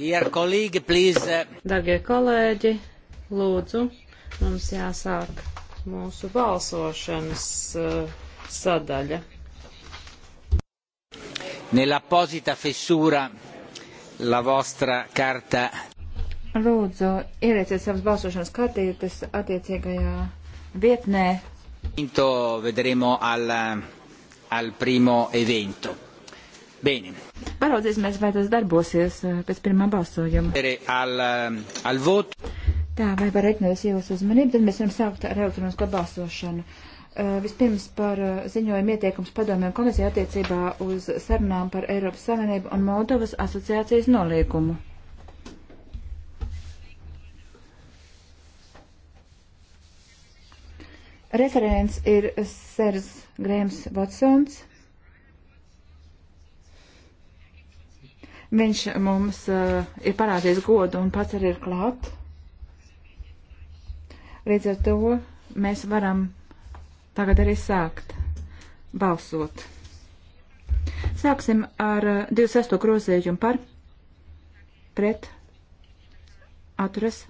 Kolēģi, uh, Dargie kolēģi, lūdzu, mums jāsāk mūsu balsošanas uh, sadaļa. Nell'apposita fessura la vostra carta. Lūdzu, ielieciet savas balsošanas kartītes attiecīgajā vietnē. Vinto vedremo al, al primo evento. Bene. Paraudzēsimies, vai tas darbosies eh, pēc pirmā balsojuma. Al, ehm, al vot. Tā, vai var atņemt jūsu uzmanību, tad mēs varam sākt ar elektronisko balsošanu. Uh, vispirms par uh, ziņojumu ieteikums padomiem komisija attiecībā uz sarunām par Eiropas Savienību un Moldovas asociācijas nolīgumu. Referents ir Sers Grēms Vatsons. Viņš mums uh, ir parādījis godu un pats arī ir klāt. Līdz ar to mēs varam tagad arī sākt balsot. Sāksim ar 26. Eh, grozējumu par pret atturas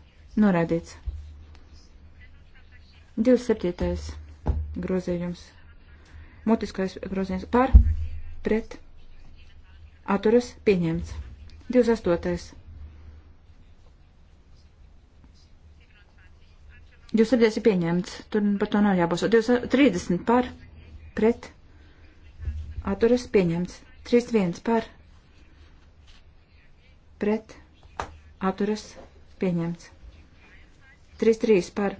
norādīts. 27. grozījums. Mutiskais grozījums par pret atturas atturas pieņemts. 28. 27 ir pieņemts, tur par to nav jābalso. 30 par, pret, atturas pieņemts. 31 par, pret, atturas pieņemts. 33 par,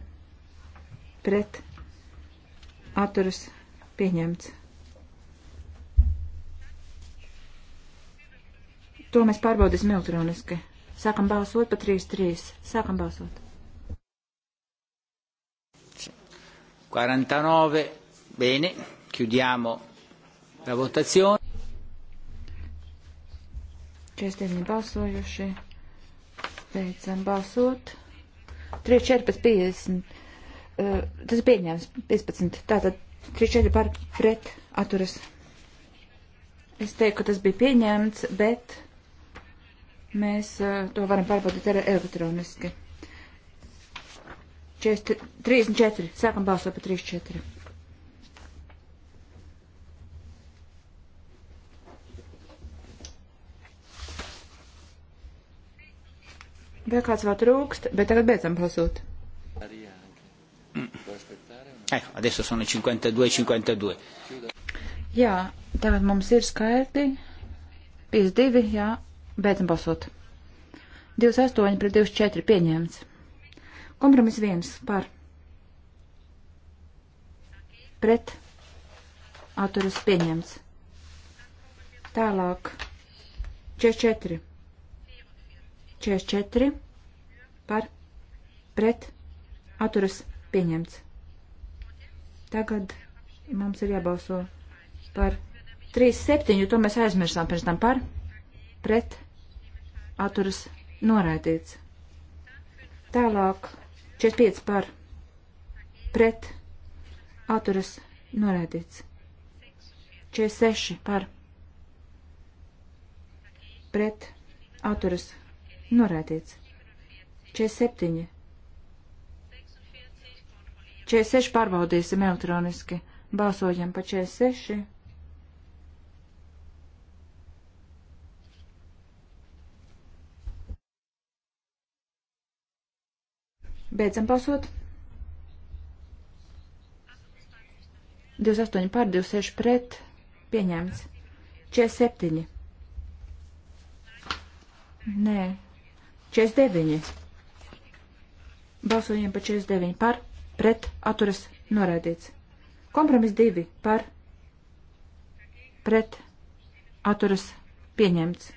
pret, atturas pieņemts. To mēs pārbaudīsim elektroniski. Sākam balsot pa 3-3. Sākam balsot. 49. Bene. Chiudiamo la votazione. 49 balsojuši. Beidzam balsot. 3, 4 pēc 50. Uh, eh, tas ir pieņēmis 15. Tātad 3, 4 par pret atturas. Es teiktu, ka tas bija pieņēmts, bet Mēs eh, to varam pārbaudīt arī elektroniski. 34. Sākam balsot par 34. Vēl kāds vēl trūkst, bet tagad beidzam balsot. Ecco, adesso sono 52-52. E jā, tagad mums ir skaitļi. 52, jā, Beidzam balsot. 28 pret 24 pieņēmts. Kompromis 1 par. Pret. Atturas pieņemts. Tālāk. 44. 44 par. Pret. Atturas pieņemts. Tagad mums ir jābalso par 3-7, jo to mēs aizmirsām pirms tam par. Pret atturas noraidīts. Tālāk 45 par pret atturas noraidīts. 46 par pret atturas noraidīts. 47. 46 pārbaudīsim elektroniski. Balsojam pa 46. Beidzam balsot. 28 pār 26 pret. Pieņemts. 47. Nē. 49. Balsojam par 49 par. Pret. Atturas. Noraidīts. Kompromis 2 par. Pret. Atturas. Pieņemts.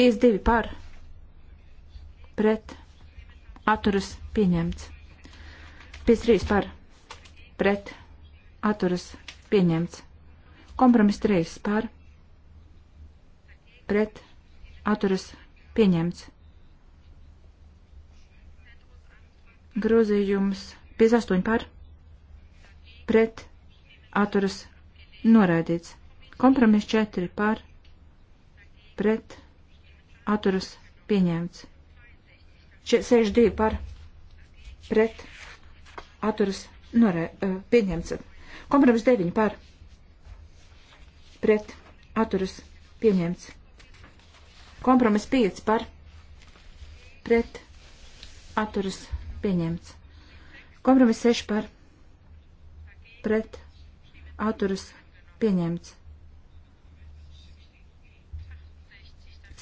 52 par. Pret atturas pieņemts. 53 par pret atturas pieņemts. Kompromis 3 par pret atturas pieņemts. Grozījums 58 par pret atturas noraidīts. Kompromis 4 par pret atturas pieņemts. 62 par pret atturas norē, e, pieņemts. Kompromiss 9 par pret atturas pieņemts. Kompromiss 5 par pret atturas pieņemts. Kompromiss 6 par pret atturas pieņemts.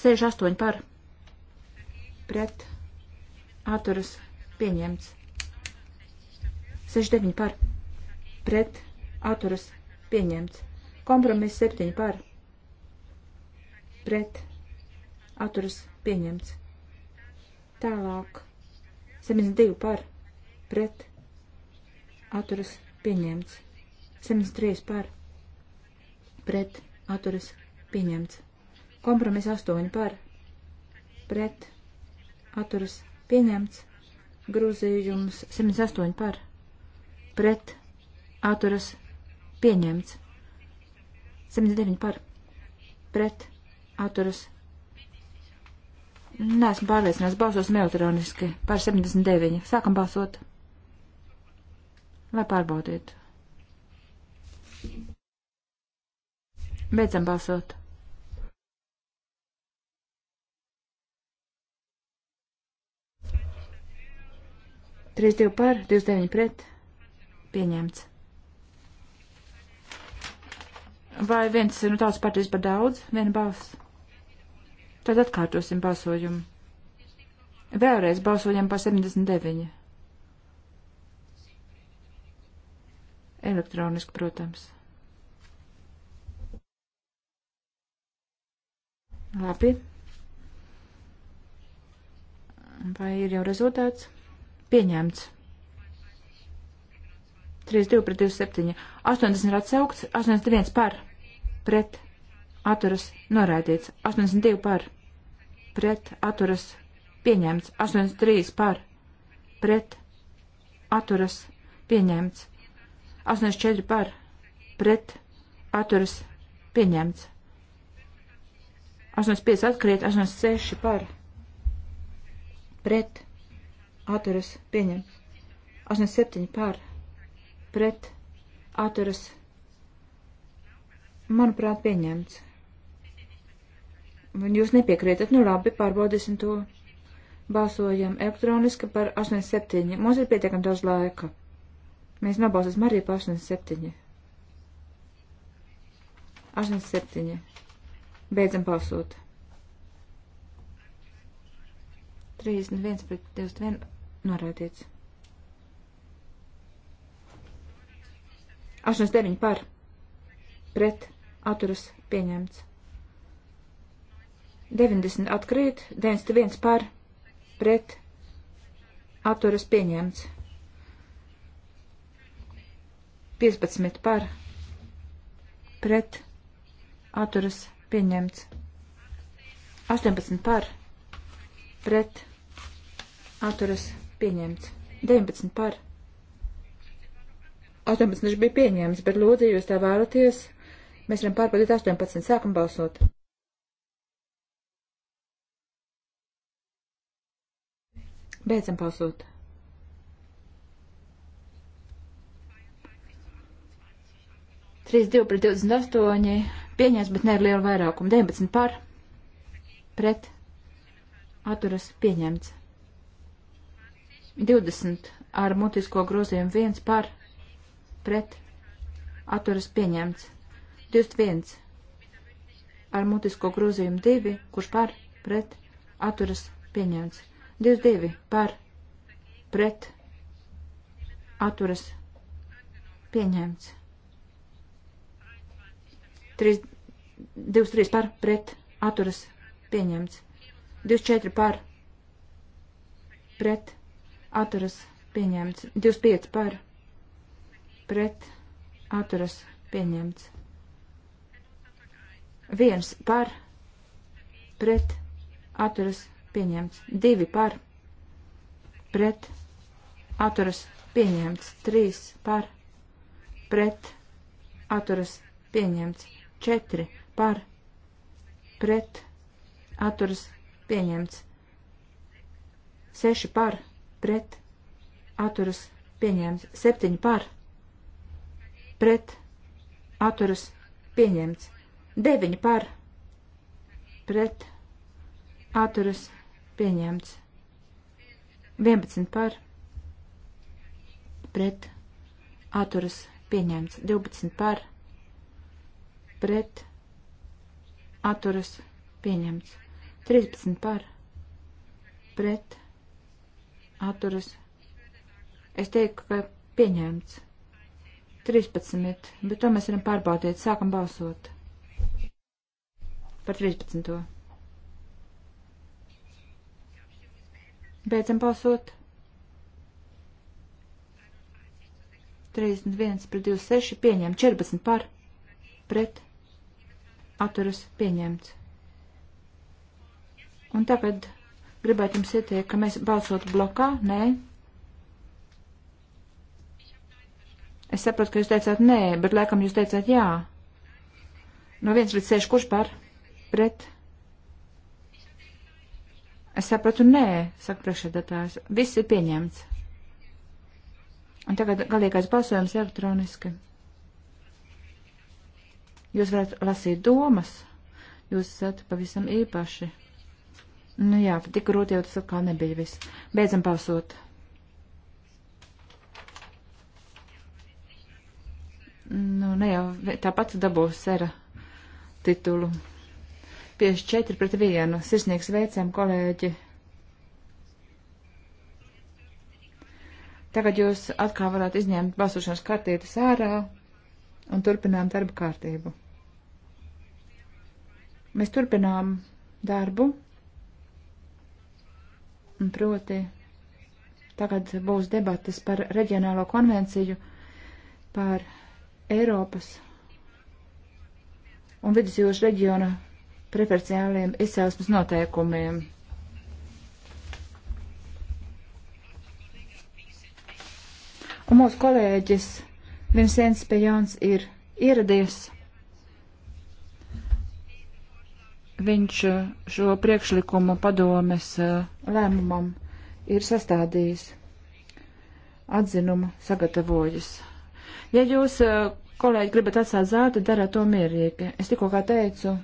68 par pret atturas pieņemts. 69 par pret atturas pieņemts. Kompromiss 7 par pret atturas pieņemts. Tālāk 72 par pret atturas pieņemts. 73 par pret atturas pieņemts. Kompromiss 8 par pret atturas pieņemts Pieņemts. Grozījums 108 par. Pret. Atturas. Pieņemts. 79 par. Pret. Atturas. Nesmu pārliecināts. Balsosim elektroniski. Par 79. Sākam balsot. Lai pārbaudītu. Beidzam balsot. 32 par, 29 pret. Pieņemts. Vai viens no nu, tās partijas par daudz? Viena balss. Tad atkārtosim balsojumu. Vēlreiz balsojam par 79. Elektroniski, protams. Labi. Vai ir jau rezultāts? Pieņemts. 32 pret 27. 80 ir atsaukts, 81 par, pret, atturas, noraidīts. 82 par, pret, atturas, pieņemts. 83 par, pret, atturas, pieņemts. 84 par, pret, atturas, pieņemts. 85 atkrīt, 86 par, pret, atturas pieņemts. 87 par pret atturas manuprāt pieņemts. Un jūs nepiekrietat, nu labi, pārbaudīsim to. Balsojam elektroniski par 87. Mums ir pietiekami daudz laika. Mēs nobalsosim arī par 87. 87. Beidzam balsot. 31 pret 21 norādīts. 89 par pret atturas pieņemts. 90 atkrīt, 91 par pret atturas pieņemts. 15 par pret atturas pieņemts. 18 par pret atturas pieņemts. 19 par. 18 viņš bija pieņēmis, bet lūdzu, jūs tā vēlaties, mēs varam pārbaudīt 18, sākam balsot. Beidzam balsot. Trīs divi pret 28 pieņēmis, bet ne ar lielu vairākumu. 19 par, pret, atturas pieņemts. 20 ar mutisko grozījumu 1 par pret atturas pieņemts. 21 ar mutisko grozījumu 2, kurš par pret atturas pieņemts. 22 par pret atturas pieņemts. 3, 23 par pret atturas pieņemts. 24 par pret atturas pieņemts atturas pieņemts. 25 par pret atturas pieņemts. 1 par pret atturas pieņemts. 2 par pret atturas pieņemts. 3 par pret atturas pieņemts. 4 par pret atturas pieņemts. 6 par pret pret atturas pieņemts. 7 par pret atturas pieņemts. 9 par pret atturas pieņemts. 11 par pret atturas pieņemts. 12 par pret atturas pieņemts. 13 par pret atturas. Es teiktu, ka pieņemts. 13, bet to mēs varam pārbaudīt. Sākam balsot. Par 13. Beidzam balsot. 31 pret 26 pieņem 14 par pret atturas pieņemts. Un tagad Gribētu jums ieteikt, ka mēs balsot blokā? Nē. Es saprotu, ka jūs teicāt nē, bet laikam jūs teicāt jā. No viens līdz seši, kurš par? Pret? Es sapratu, nē, saka priekšsēdētājs. Viss ir pieņemts. Un tagad galīgais balsojums elektroniski. Jūs varat lasīt domas, jūs esat pavisam īpaši. Nu jā, bet tik grūti jau tas atkal nebija viss. Beidzam balsot. Nu, ne jau tāpat dabūs sera titulu. 54 pret 1. Sirsnīgs veicam, kolēģi. Tagad jūs atkal varat izņemt balsošanas kartītes ārā un turpinām darba kārtību. Mēs turpinām darbu. Proti, tagad būs debatas par reģionālo konvenciju, par Eiropas un vidusjūras reģiona preferenciāliem izcelsmes noteikumiem. Un mūsu kolēģis Vincents Pejons ir ieradies. viņš eh, šo priekšlikumu padomes eh, lēmumam ir sastādījis, atzinumu sagatavojis. Ja jūs, eh, kolēģi, gribat atstāt zāli, dariet to mierīgi. Es tikko kā teicu,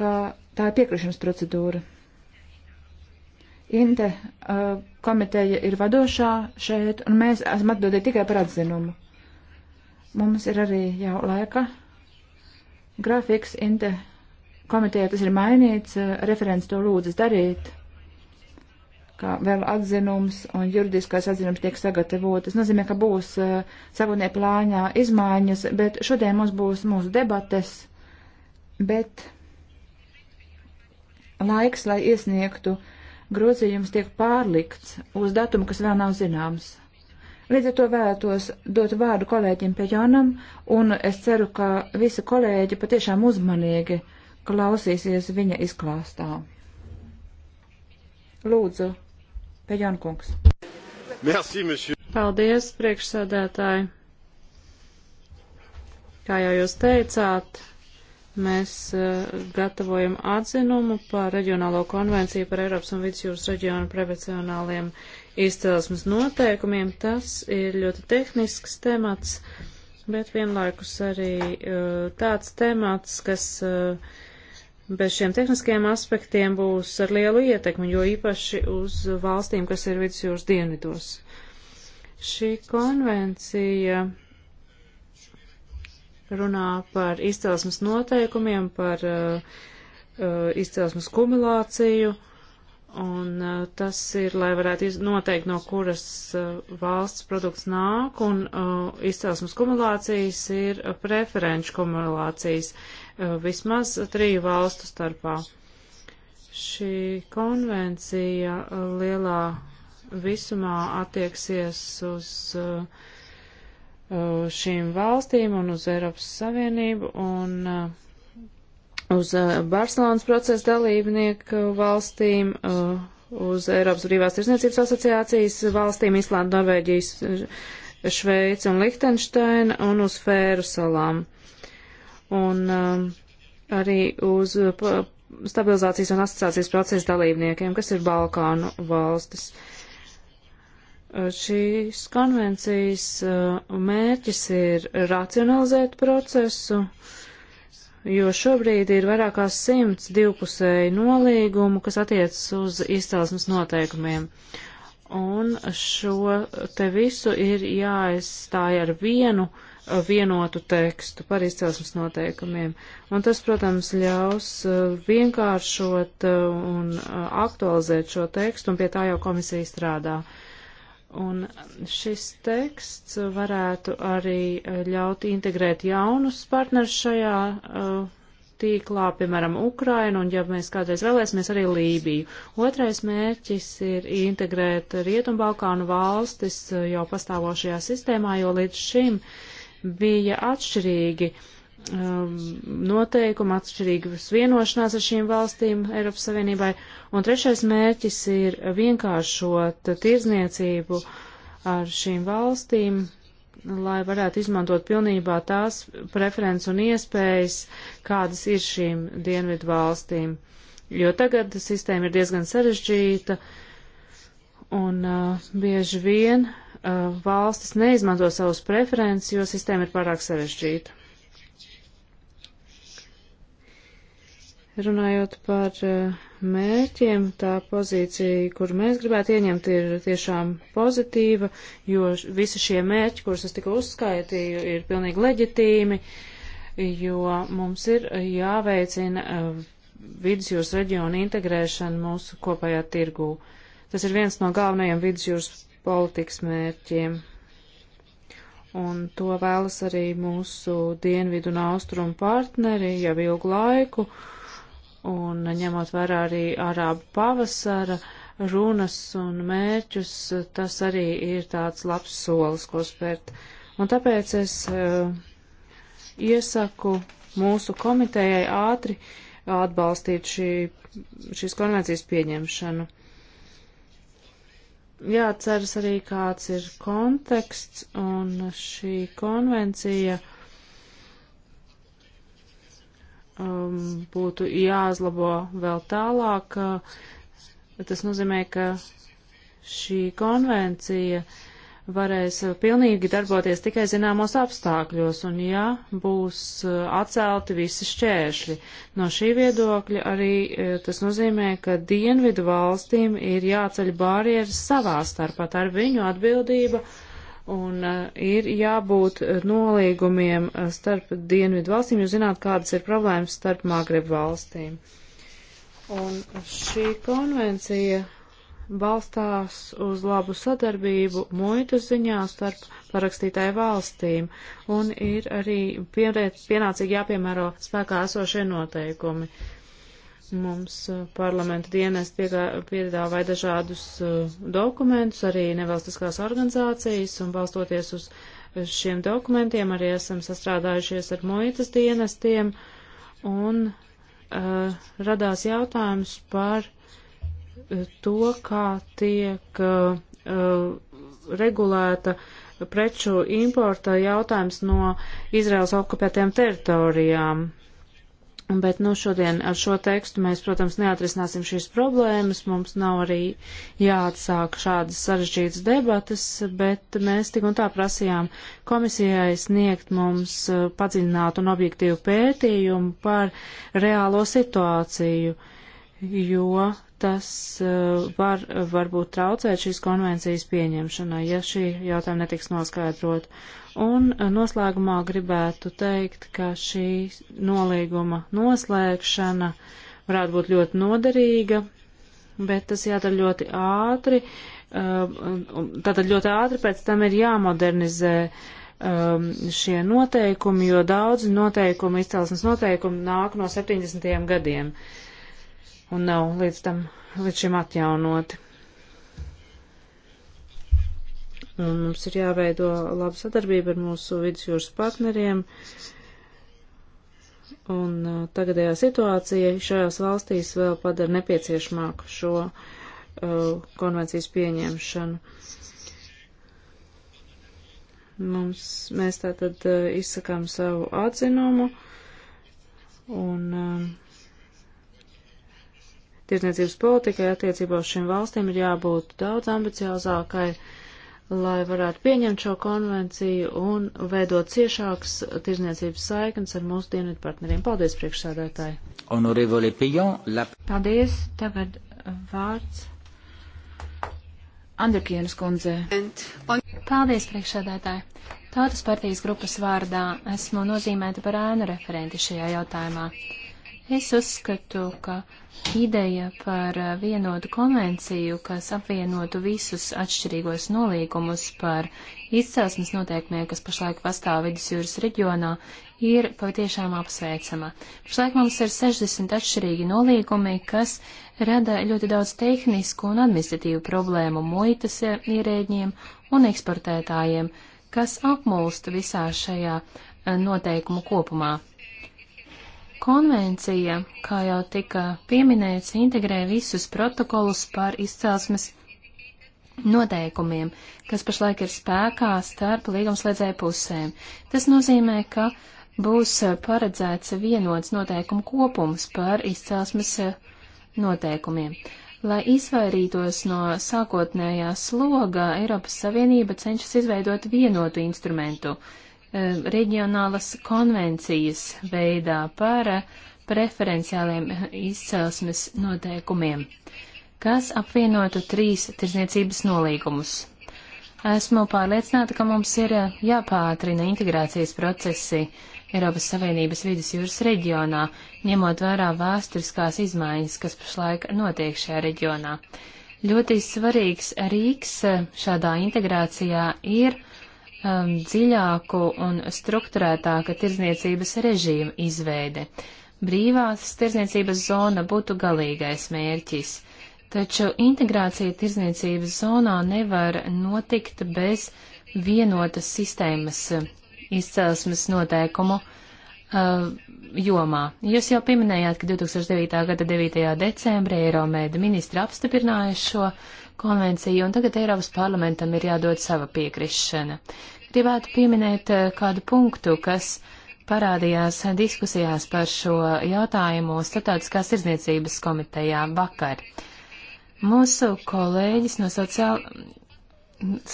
ka tā ir piekrišanas procedūra. Inte uh, komiteja ir vadošā šeit, un mēs esam atbildīgi tikai par atzinumu. Mums ir arī jau laika grafiks Inte komitejā tas ir mainīts, eh, referents to lūdzas darīt, kā vēl atzinums un juridiskais atzinums tiek sagatavot. Tas nozīmē, ka būs eh, savunē plāņā izmaiņas, bet šodien mums būs mūsu debates, bet laiks, lai iesniegtu grozījums, tiek pārlikts uz datumu, kas vēl nav zināms. Līdz ar to vēlētos dot vārdu kolēģim Pejonam, un es ceru, ka visi kolēģi patiešām uzmanīgi uh, klausīsies viņa izklāstā. Lūdzu, Pejankungs. Merci, monsieur. Paldies, priekšsēdētāji. Kā jau jūs teicāt, mēs uh, gatavojam atzinumu par reģionālo konvenciju par Eiropas un Vidusjūras reģionu profesionāliem izcelsmes noteikumiem. Tas ir ļoti tehnisks temats, bet vienlaikus arī uh, tāds temats, kas uh, bez šiem tehniskajiem aspektiem būs ar lielu ietekmi, jo īpaši uz valstīm, kas ir vidusjūras dienvidos. Šī konvencija runā par izcelsmes noteikumiem, par uh, uh izcelsmes kumulāciju, un uh, tas ir, lai varētu noteikt, no kuras uh, valsts produkts nāk, un uh, izcelsmes kumulācijas ir preferenču kumulācijas. Uh, Uh, vismaz triju valstu starpā. Šī konvencija uh, lielā visumā attieksies uz uh, šīm valstīm un uz Eiropas Savienību un uz Barcelonas procesa dalībnieku valstīm, uz Eiropas brīvās tirsniecības asociācijas valstīm, Islandu, Norvēģijas, Šveici un Lihtenšteina un uz Fēru salām. Uh, un um, arī uz stabilizācijas un asociācijas procesa dalībniekiem, kas ir Balkānu valstis. Uh, šīs konvencijas uh, mērķis ir racionalizēt procesu, jo šobrīd ir vairāk kā simts divpusēju nolīgumu, kas attiecas uz izcelsmes noteikumiem. Un šo te visu ir jāaizstāja ar vienu uh, vienotu tekstu par izcelsmes noteikumiem. Un tas, protams, ļaus uh, vienkāršot uh, un uh, aktualizēt šo tekstu, un pie tā jau komisija strādā. Un šis teksts varētu arī ļaut integrēt jaunus partnerus šajā tīklā, piemēram, Ukrainu, un ja mēs kādreiz vēlēsimies arī Lībiju. Otrais mērķis ir integrēt Rietumbalkānu valstis jau pastāvošajā sistēmā, jo līdz šim uh, bija atšķirīgi um, noteikumi, atšķirīgas vienošanās ar šīm valstīm Eiropas Savienībai. Un trešais mērķis ir vienkāršot tirzniecību ar šīm valstīm, lai varētu izmantot pilnībā tās preferences un iespējas, kādas ir šīm dienvidu valstīm. Jo tagad sistēma ir diezgan sarežģīta un uh, bieži vien uh, Uh, valstis neizmanto savus preferences, jo sistēma ir pārāk sarežģīta. Runājot par uh, mērķiem, tā pozīcija, kur mēs gribētu ieņemt, ir tiešām pozitīva, jo visi šie mērķi, kurus es tikko uzskaitīju, ir pilnīgi leģitīmi, jo mums ir jāveicina uh, vidusjūras reģiona integrēšana mūsu kopējā tirgū. Tas ir viens no galvenajiem vidusjūras politikas mērķiem. Un to vēlas arī mūsu dienvidu un austrumu partneri jau ilgu laiku, un ņemot vērā arī arābu pavasara runas un mērķus, tas arī ir tāds labs solis, ko spērt. Un tāpēc es uh, iesaku mūsu komitejai ātri atbalstīt šī, šīs konvencijas pieņemšanu jāceras arī kāds ir konteksts un šī konvencija um, būtu jāuzlabo vēl tālāk. Tas nozīmē, ka šī konvencija uh, varēs eh, pilnīgi darboties tikai zināmos apstākļos, un ja būs eh, atcelti visi šķēršļi. No šī viedokļa arī eh, tas nozīmē, ka dienvidu valstīm ir jāceļ barjeras savā starpā, tā ir viņu atbildība, un ir jābūt nolīgumiem starp dienvidu valstīm, jo zināt, kādas ir problēmas starp Magreb valstīm. Un šī konvencija balstās uz labu sadarbību muitas ziņā starp parakstītāju valstīm un ir arī pienācīgi jāpiemēro spēkā esošie noteikumi. Mums uh, parlamenta dienas piedāvāja dažādus uh, dokumentus, arī nevalstiskās organizācijas, un balstoties uz šiem dokumentiem arī esam sastrādājušies ar muitas dienestiem, un uh, radās jautājums par to, kā tiek uh, uh, regulēta preču importa jautājums no Izraels okupētiem teritorijām. Bet, nu, šodien ar šo tekstu mēs, protams, neatrisināsim šīs problēmas, mums nav arī jāatsāk šādas sarežģītas debatas, bet mēs tik un tā prasījām komisijai sniegt mums uh, padziļinātu un objektīvu pētījumu par reālo situāciju, jo tas eh, var varbūt traucēt šīs konvencijas pieņemšanai, ja šī jautājuma netiks noskaidrot. Un eh, noslēgumā gribētu teikt, ka šī nolīguma noslēgšana varētu būt ļoti noderīga, bet tas jādara ļoti ātri. Eh, tātad ļoti ātri pēc tam ir jāmodernizē ehm, šie noteikumi, jo daudzi noteikumi, izcelsmes noteikumi nāk no 70. gadiem. Uh, un nav līdz tam, līdz šim atjaunoti. Un mums ir jāveido laba sadarbība ar mūsu vidusjūras partneriem. Un uh, tagadējā situācija šajās valstīs vēl padara nepieciešamāku šo uh, konvencijas pieņemšanu. Mums, mēs tātad uh, izsakām savu atzinumu un uh, tirdzniecības politikai attiecībā uz šīm valstīm ir jābūt daudz ambiciozākai, lai varētu pieņemt šo konvenciju un veidot ciešāks tirdzniecības saiknes ar mūsu dienvidu partneriem. Paldies, priekšsēdētāji! La... Paldies! Tagad vārds. Andrikienas kundze. Paldies, priekšsēdētāji. Tautas partijas grupas vārdā esmu nozīmēta par ēnu referenti šajā jautājumā. Es uzskatu, ka Ideja par eh, vienotu konvenciju, kas apvienotu visus atšķirīgos nolīgumus par izcelsmes noteikumiem, kas pašlaik pastāv vidusjūras reģionā, ir patiešām apsveicama. Pašlaik mums ir 60 atšķirīgi nolīgumi, kas rada ļoti daudz tehnisku un administratīvu problēmu muitas eh, ierēģiem un eksportētājiem, kas apmulst visā šajā eh, noteikumu kopumā. Konvencija, kā jau tika pieminēts, integrē visus protokolus par izcelsmes noteikumiem, kas pašlaik ir spēkā starp līgumslēdzēju pusēm. Tas nozīmē, ka būs paredzēts vienots noteikumu kopums par izcelsmes noteikumiem. Lai izvairītos no sākotnējā sloga, Eiropas Savienība cenšas izveidot vienotu instrumentu. Uh, Eh, reģionālas konvencijas veidā par eh, preferenciāliem izcelsmes noteikumiem, kas apvienotu trīs tirzniecības nolīgumus. Esmu pārliecināta, ka mums ir eh, jāpātrina integrācijas procesi Eiropas Savienības vidus jūras reģionā, ņemot vērā vēsturiskās izmaiņas, kas pašlaik notiek šajā reģionā. Ļoti svarīgs rīks šādā integrācijā ir um, dziļāku un strukturētāka tirzniecības režīmu izveide. Brīvās tirzniecības zona būtu galīgais mērķis, taču integrācija tirzniecības zonā nevar notikt bez vienotas sistēmas izcelsmes noteikumu uh, jomā. Jūs jau pieminējāt, ka 2009. gada 9. decembrī Eiromēda ministra apstiprināja šo konvenciju, un tagad Eiropas parlamentam ir jādod sava piekrišana. Gribētu pieminēt eh, kādu punktu, kas parādījās diskusijās par šo jautājumu Startautiskās izniecības komitejā vakar. Mūsu kolēģis no sociāla,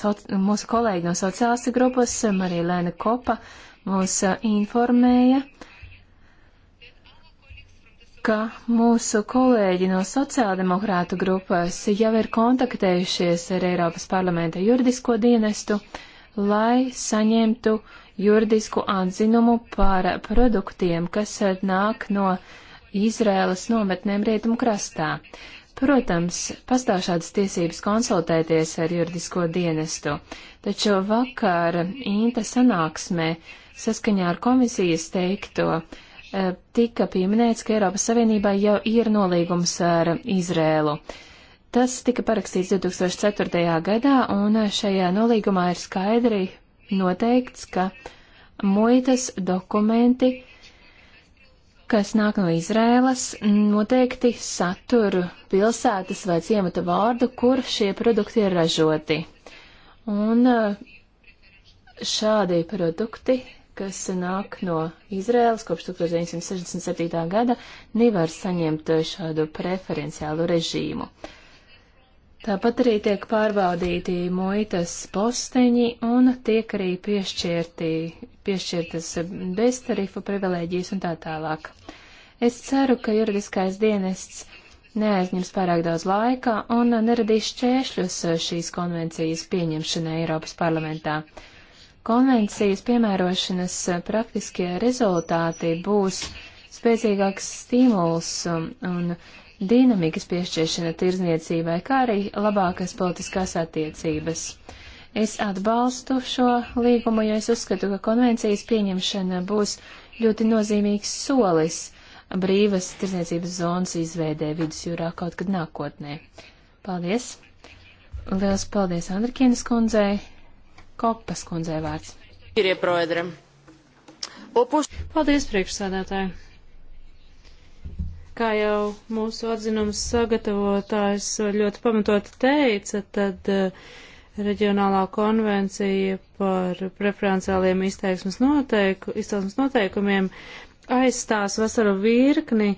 sauc, mūsu kolēģi no sociālistu grupas, Marija Lēna Kopa, mūs eh, informēja, uh, ka mūsu kolēģi no sociāldemokrātu grupas jau ir kontaktējušies ar Eiropas parlamenta juridisko dienestu, lai saņemtu juridisku atzinumu par produktiem, kas nāk no Izrēlas nometnēm rietumu krastā. Protams, pastāv šādas tiesības konsultēties ar juridisko dienestu, taču vakar Inta sanāksmē saskaņā ar komisijas teikto Eh, tika pieminēts, ka Eiropas Savienībā jau ir nolīgums ar Izrēlu. Tas tika parakstīts 2004. gadā, un šajā nolīgumā ir skaidri noteikts, ka muitas dokumenti, kas nāk no Izrēlas, noteikti satur pilsētas vai ciemata vārdu, kur šie produkti ir ražoti. Un eh, šādi produkti kas nāk no Izraēlas kopš 1967. gada, nevar saņemt eh, šādu preferenciālu režīmu. Tāpat arī tiek pārbaudīti muitas posteņi un tiek arī piešķirti, piešķirtas beztarifu privilēģijas un tā tālāk. Es ceru, ka juridiskais dienests neaizņems pārāk daudz laika un neradīs šķēršļus eh, šīs konvencijas pieņemšanai Eiropas parlamentā. Konvencijas piemērošanas eh, praktiskie rezultāti būs spēcīgāks stimuls um, un dinamikas piešķiešana tirzniecībai, kā arī labākas politiskās attiecības. Es atbalstu šo līgumu, jo es uzskatu, ka konvencijas pieņemšana būs ļoti nozīmīgs solis brīvas tirzniecības zonas izveidē vidusjūrā kaut kad nākotnē. Paldies! Liels paldies Andrikienas kundzei! Kopas kundzē vārds. Paldies, priekšsādātāji. Kā jau mūsu atzinums sagatavotājs ļoti pamatot teica, tad uh, Reģionālā konvencija par preferenciāliem izteiksmes, noteiku, izteiksmes noteikumiem aizstās vasaru virkni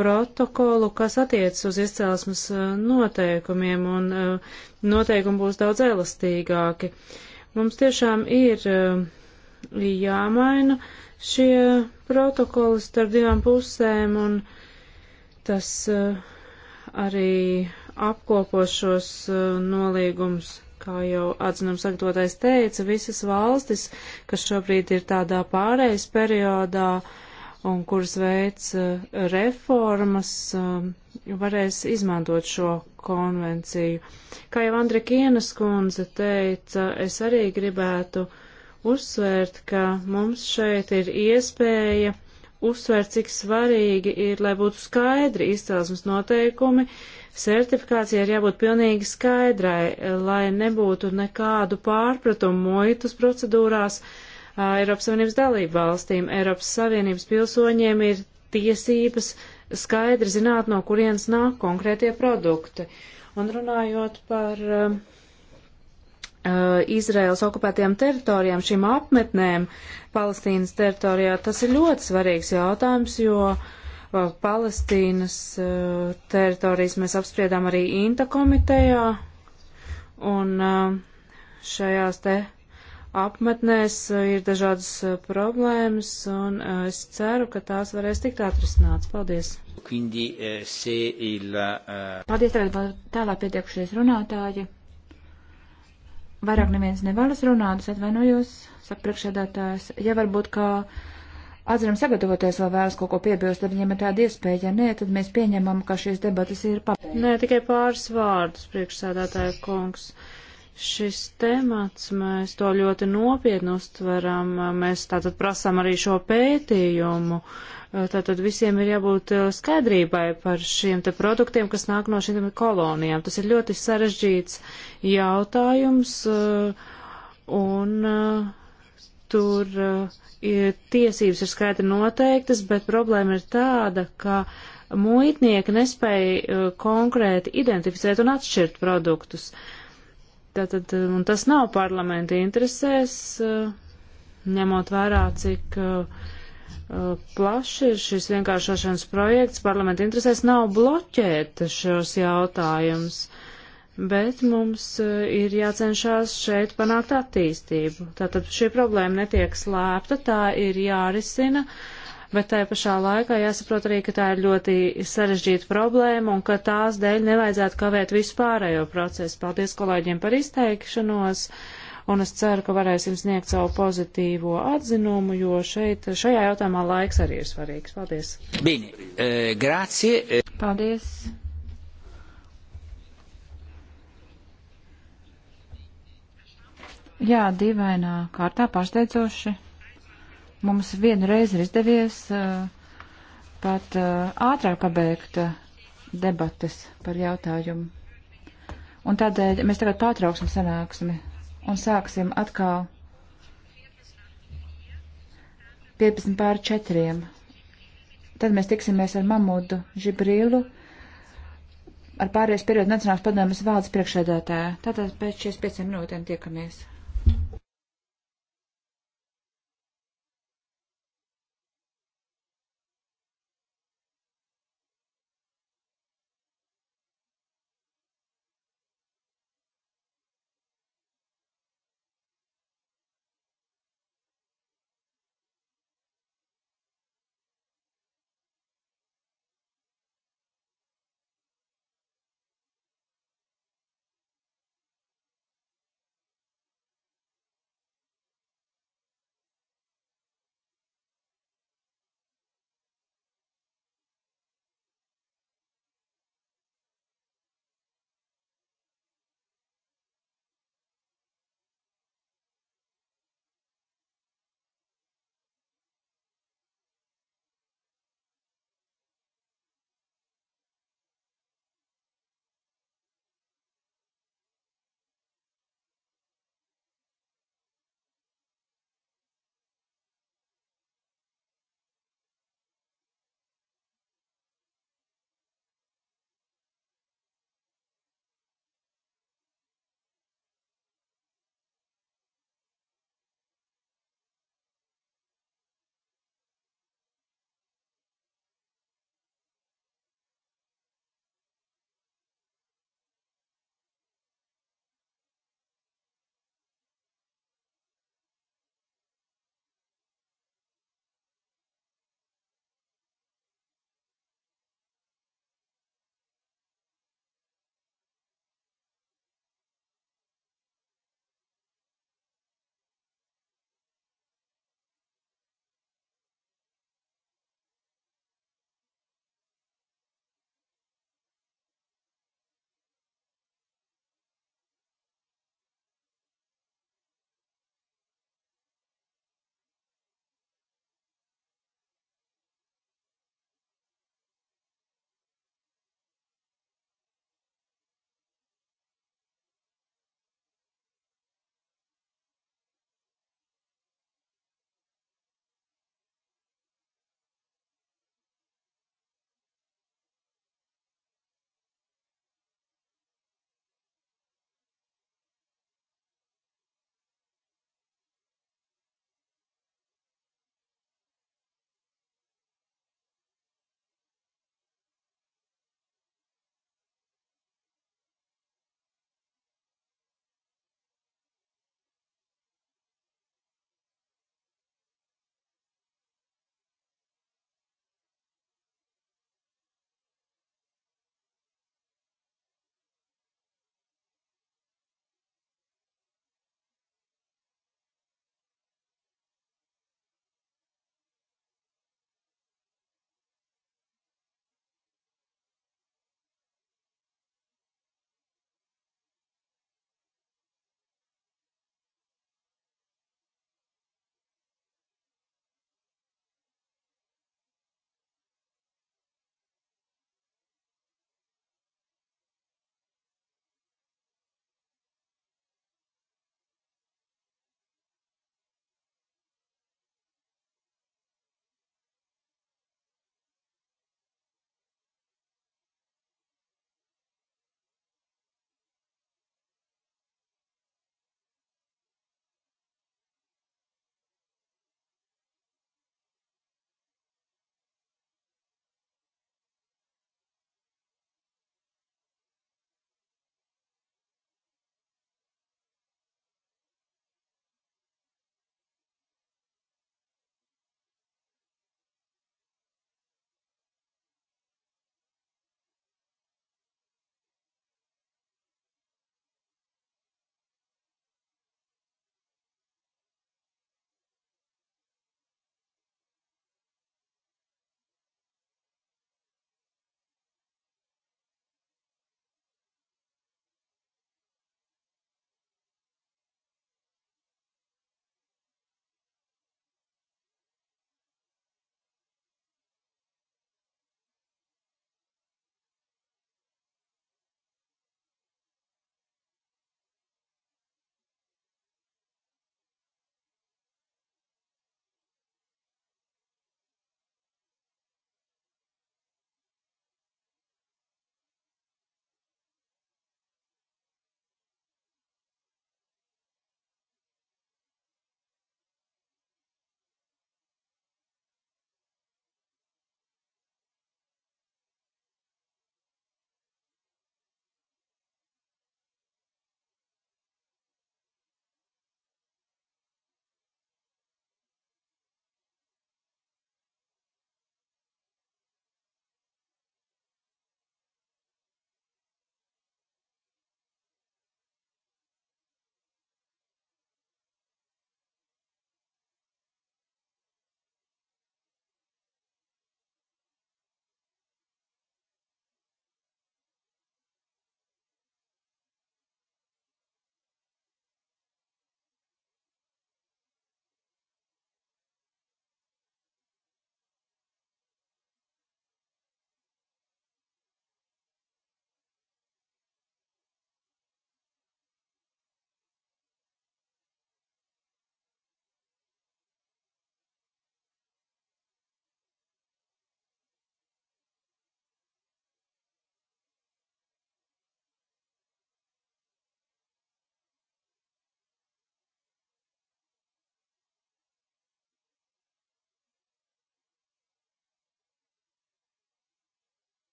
protokolu, kas attiecas uz izcelsmes eh, noteikumiem, un eh, noteikumi būs daudz elastīgāki. Uh, Mums tiešām ir eh, jāmaina šie protokoli starp divām pusēm, un tas eh, arī apkopošos eh, nolīgums kā jau atzinums sagatavotais teica, visas valstis, kas šobrīd ir tādā pārējais periodā un kuras veids reformas, varēs izmantot šo konvenciju. Kā jau Andri Kienas kundze teica, es arī gribētu uzsvērt, ka mums šeit ir iespēja uzsvērt, cik svarīgi ir, lai būtu skaidri izcelsmes noteikumi. Certifikācija ir jābūt pilnīgi skaidrai, lai nebūtu nekādu pārpratumu muitas procedūrās Eiropas Savienības dalību valstīm. Eiropas Savienības pilsoņiem ir tiesības uh, skaidri zināt, no kurienes nāk konkrētie produkti. Un runājot par um, uh, Izraels okupētajām teritorijām, šīm apmetnēm Palestīnas teritorijā, tas ir ļoti svarīgs jautājums, jo uh, Palestīnas uh, teritorijas mēs apspriedām arī Inta komitejā, un uh, šajās te apmetnēs eh, ir dažādas eh, problēmas, un eh, es ceru, ka tās varēs tikt atrisināts. Paldies! Quindi, se il, uh... Paldies, tagad vēl tālāk pietiekušies runātāji. Vairāk neviens nevēlas runāt, es atvainojos, saka priekšsēdētājs. Ja varbūt, ka atzinam sagatavoties vēl vēlas kaut ko piebilst, tad viņiem ir tāda iespēja, ja nē, tad mēs pieņemam, ka šīs debatas ir papildināts. Nē, tikai pāris vārdus, priekšsēdētāja kungs. Uh, šis temats, mēs to ļoti nopietni uztveram, mēs tātad prasām arī šo pētījumu, tātad visiem ir jābūt eh, skaidrībai par šiem te produktiem, kas nāk no šiem kolonijām. Tas ir ļoti sarežģīts jautājums, eh, un eh, tur tiesības ir skaidri noteiktas, bet problēma ir tāda, ka muitnieki nespēja konkrēti identificēt un atšķirt produktus. Uh, Tātad, eh, un tas nav parlamenta interesēs, eh, ņemot vērā, cik eh, plaši ir šis vienkāršošanas projekts, parlamenta interesēs nav bloķēt šos jautājumus, bet mums ir jācenšās šeit panākt attīstību. Tātad šī problēma netiek slēpta, tā ir jārisina. Uh, bet tajā pašā laikā jāsaprot arī, ka tā ir ļoti sarežģīta problēma un ka tās dēļ nevajadzētu kavēt visu pārējo procesu. Paldies kolēģiem par izteikšanos un es ceru, ka varēsim sniegt savu pozitīvo atzinumu, jo šeit, šajā jautājumā laiks arī ir svarīgs. Paldies. Bini, e, eh, grācie. E. Paldies. Jā, dīvainā kārtā pašteidzoši. Mums vienu reizi ir izdevies uh, pat uh, ātrāk pabeigt uh, debates par jautājumu. Un tādēļ mēs tagad pārtrauksim sanāksmi un sāksim atkal 15 pār 4. Tad mēs tiksimies ar Mamudu Žibrīlu ar pārējais periodu Nacionālās padomjas valdes priekšēdētāju. Tātad pēc šīs 5 minūtēm tiekamies.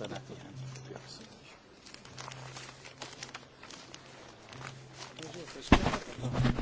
alternativen. Thank you.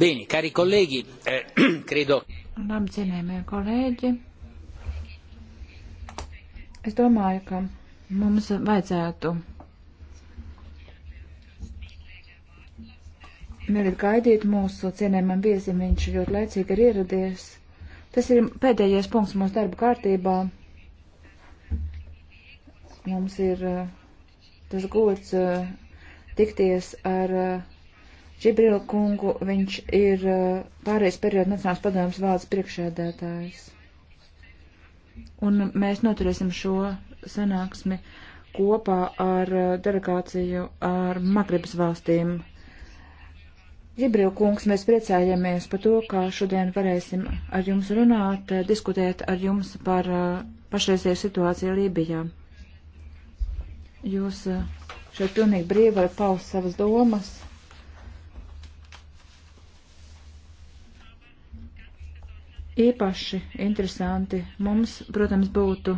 Bene, cari colleghi, eh, credo. Labdzinējumie kolēģi, es domāju, ka mums vajadzētu Mīlīt gaidīt mūsu cienējumam viesim, viņš ļoti laicīgi ir ieradies. Tas ir pēdējais punkts mūsu darba kārtībā. Mums ir eh, tas gods eh, tikties ar eh, Džibrilu kungu, viņš ir uh, pārējais periodu Nacionālās padomjas valdes priekšēdētājs. Un mēs noturēsim šo sanāksmi kopā ar uh, delegāciju ar Magrebas valstīm. Džibril kungs, mēs priecājamies par to, ka šodien varēsim ar jums runāt, uh, diskutēt ar jums par pašreizēju situāciju Lībijā. Jūs šeit pilnīgi brīvi varat paust savas domas īpaši interesanti mums, protams, būtu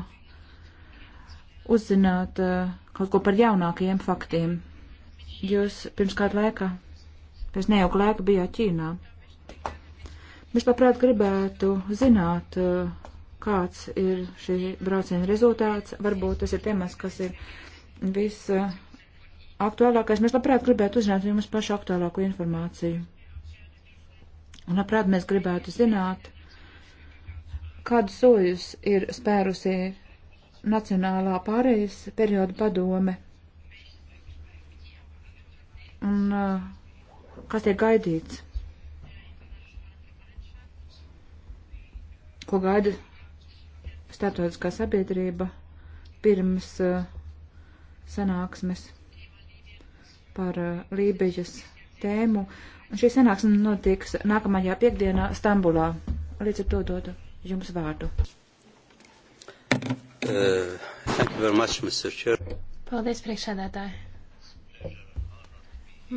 uzzināt uh, kaut ko par jaunākajiem faktiem. Jūs pirms kāda laika, pēc nejauka laika bijāt Ķīnā. Mēs labprāt gribētu zināt, uh, kāds ir šī brauciena rezultāts. Varbūt tas ir temats, kas ir viss uh, eh, aktuālākais. Mēs labprāt gribētu uzzināt jums pašu aktuālāko informāciju. Un labprāt mēs gribētu zināt, kādu soļus ir spērusi Nacionālā pārējas perioda padome? Un kas tiek gaidīts? Ko gaida starptautiskā sabiedrība pirms sanāksmes par Lībijas tēmu? Un šī sanāksme notiks nākamajā piekdienā Stambulā. Līdz ar to dodu jums vārdu. Uh, much, Paldies, priekšsēdētāji.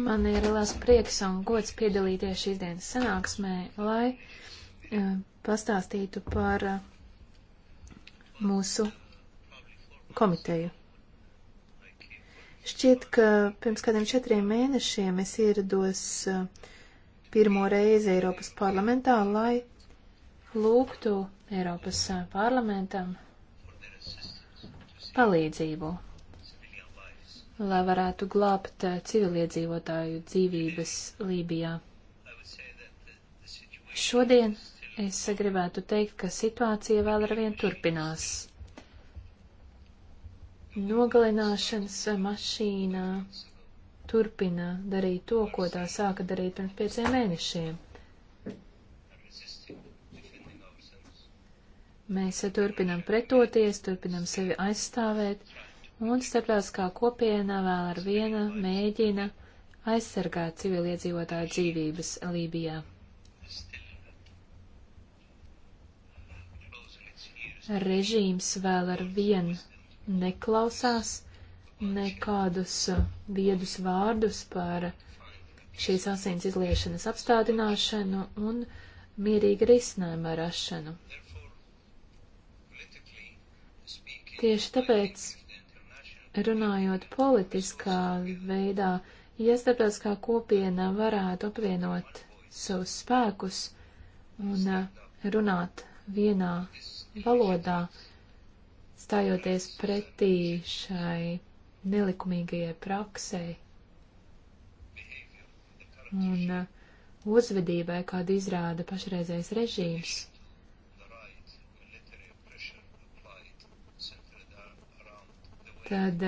Man ir liels prieks un gods piedalīties šīs dienas sanāksmē, lai uh, pastāstītu par uh, mūsu komiteju. Šķiet, ka pirms kādiem četriem mēnešiem es ierados uh, pirmo reizi Eiropas parlamentā, lai lūgtu Eiropas parlamentam palīdzību, lai varētu glābt civiliedzīvotāju dzīvības Lībijā. Šodien es gribētu teikt, ka situācija vēl ar vien turpinās. Nogalināšanas mašīnā turpina darīt to, ko tā sāka darīt pirms pieciem mēnešiem. Mēs turpinam pretoties, turpinam sevi aizstāvēt, un starptautiskā kopiena vēl ar viena mēģina aizsargāt civiliedzīvotāju dzīvības Lībijā. Režīms vēl ar vien neklausās nekādus viedus vārdus par šīs asins izliešanas apstādināšanu un mierīga risinājuma rašanu. Tieši tāpēc, runājot politiskā veidā, ja starptautiskā kopiena varētu apvienot savus spēkus un eh, runāt vienā valodā, stājoties pretī šai nelikumīgajai praksē un eh, uzvedībai, kādu izrāda pašreizējais režīms. kad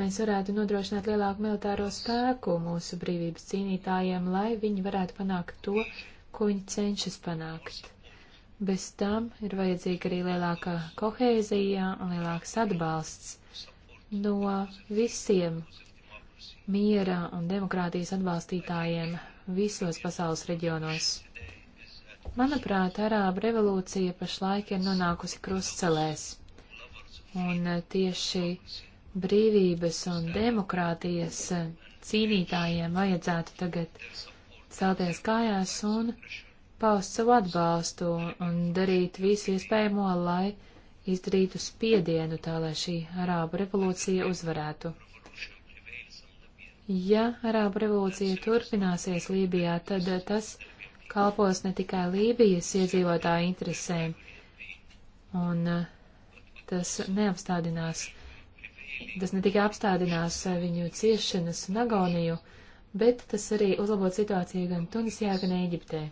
mēs varētu nodrošināt lielāku militāro spēku mūsu brīvības cīnītājiem, lai viņi varētu panākt to, ko viņi cenšas panākt. Bez tam ir vajadzīga arī lielāka kohēzija un lielāks atbalsts no visiem miera un demokrātijas atbalstītājiem visos pasaules reģionos. Manuprāt, Arāba revolūcija pašlaik ir nonākusi krustcelēs. Un eh, tieši brīvības un demokrātijas eh, cīnītājiem vajadzētu tagad celties kājās un paust savu atbalstu un darīt visu iespējamo, lai izdarītu spiedienu tā, lai šī Arāba revolūcija uzvarētu. Ja Arāba revolūcija turpināsies Lībijā, tad eh, tas. Uh, kalpos ne tikai Lībijas iedzīvotāju interesēm, un uh, tas neapstādinās, tas ne tikai apstādinās uh, viņu ciešanas un agoniju, bet tas arī uzlabot situāciju gan Tunisijā, gan Eģiptē.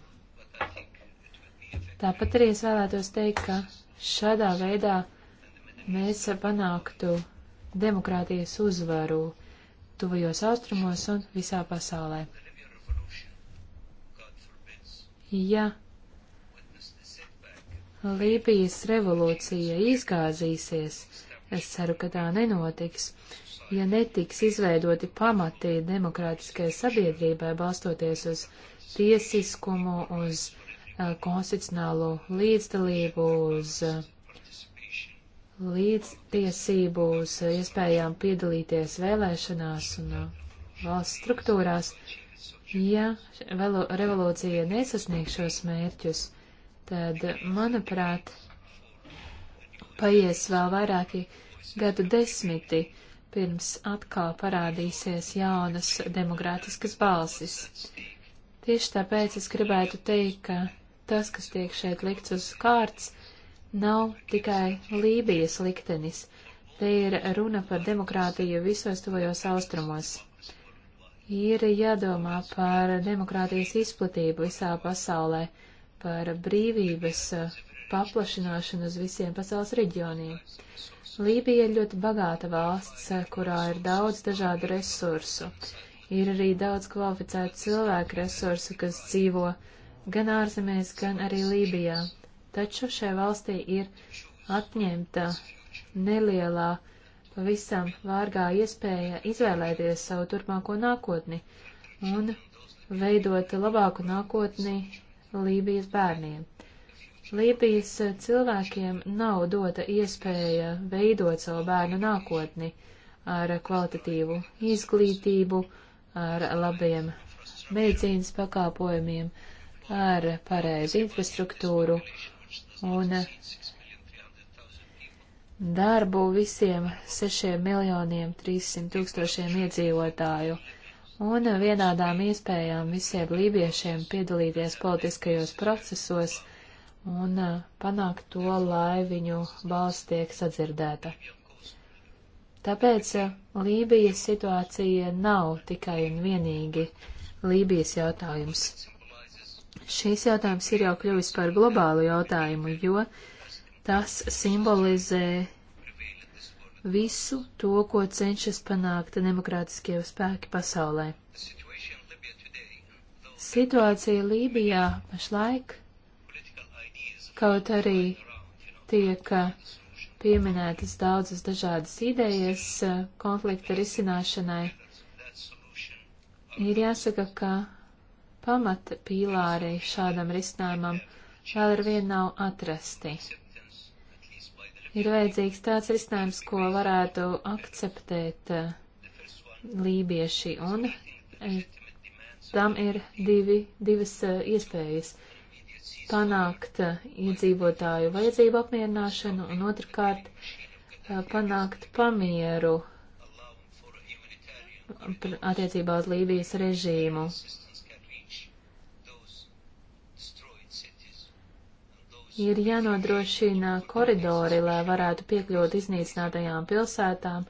Tāpat arī es vēlētos teikt, ka šādā veidā mēs panāktu demokrātijas uzvaru tuvajos austrumos un visā pasaulē ja Lībijas revolūcija izgāzīsies, es ceru, ka tā nenotiks, ja netiks izveidoti pamatī demokrātiskai sabiedrībai balstoties uz tiesiskumu, uz uh, konstitucionālo līdzdalību, uz uh, līdztiesību, uz eh, iespējām piedalīties vēlēšanās un valsts struktūrās, Ja revolūcija nesasniegs šos mērķus, tad, manuprāt, paies vēl vairāki gadu desmiti, pirms atkal parādīsies jaunas demokrātiskas balsis. Tieši tāpēc es gribētu teikt, ka tas, kas tiek šeit likts uz kārts, nav tikai Lībijas liktenis. Te ir runa par demokrātiju visos tuvajos austrumos ir jādomā par demokrātijas izplatību visā pasaulē, par brīvības eh, paplašināšanu uz visiem pasaules reģioniem. Lībija ir ļoti bagāta valsts, eh, kurā ir daudz dažādu resursu. Ir arī daudz kvalificētu cilvēku resursu, kas dzīvo gan ārzemēs, gan arī Lībijā. Taču šai valstī ir atņemta nelielā uh, visam vārgā iespēja izvēlēties savu turpmāko nākotni un veidot labāku nākotni Lībijas bērniem. Lībijas cilvēkiem nav dota iespēja veidot savu bērnu nākotni ar kvalitatīvu izglītību, ar labiem medicīnas pakāpojumiem, ar pareizu infrastruktūru, un darbu visiem 6 miljoniem 300 tūkstošiem iedzīvotāju un vienādām iespējām visiem lībiešiem piedalīties politiskajos procesos un uh, panākt to, lai viņu balss tiek sadzirdēta. Tāpēc uh, Lībijas situācija nav tikai un vienīgi Lībijas jautājums. Šīs jautājums ir jau kļuvis par globālu jautājumu, jo Tas simbolizē visu to, ko cenšas panākt demokrātiskie spēki pasaulē. Situācija Lībijā pašlaik, kaut arī tiek uh, pieminētas daudzas dažādas idejas uh, konflikta risināšanai, ir jāsaka, ka pamata pīlāri šādam risinājumam vēl ar vienu nav atrasti ir vajadzīgs tāds risinājums, ko varētu akceptēt eh, lībieši, un eh, tam ir divi, divas eh, iespējas panākt iedzīvotāju vajadzību apmierināšanu un otrkārt panākt pamieru attiecībā uz Lībijas režīmu. Ir jānodrošina koridori, lai varētu piekļūt iznīcinātajām pilsētām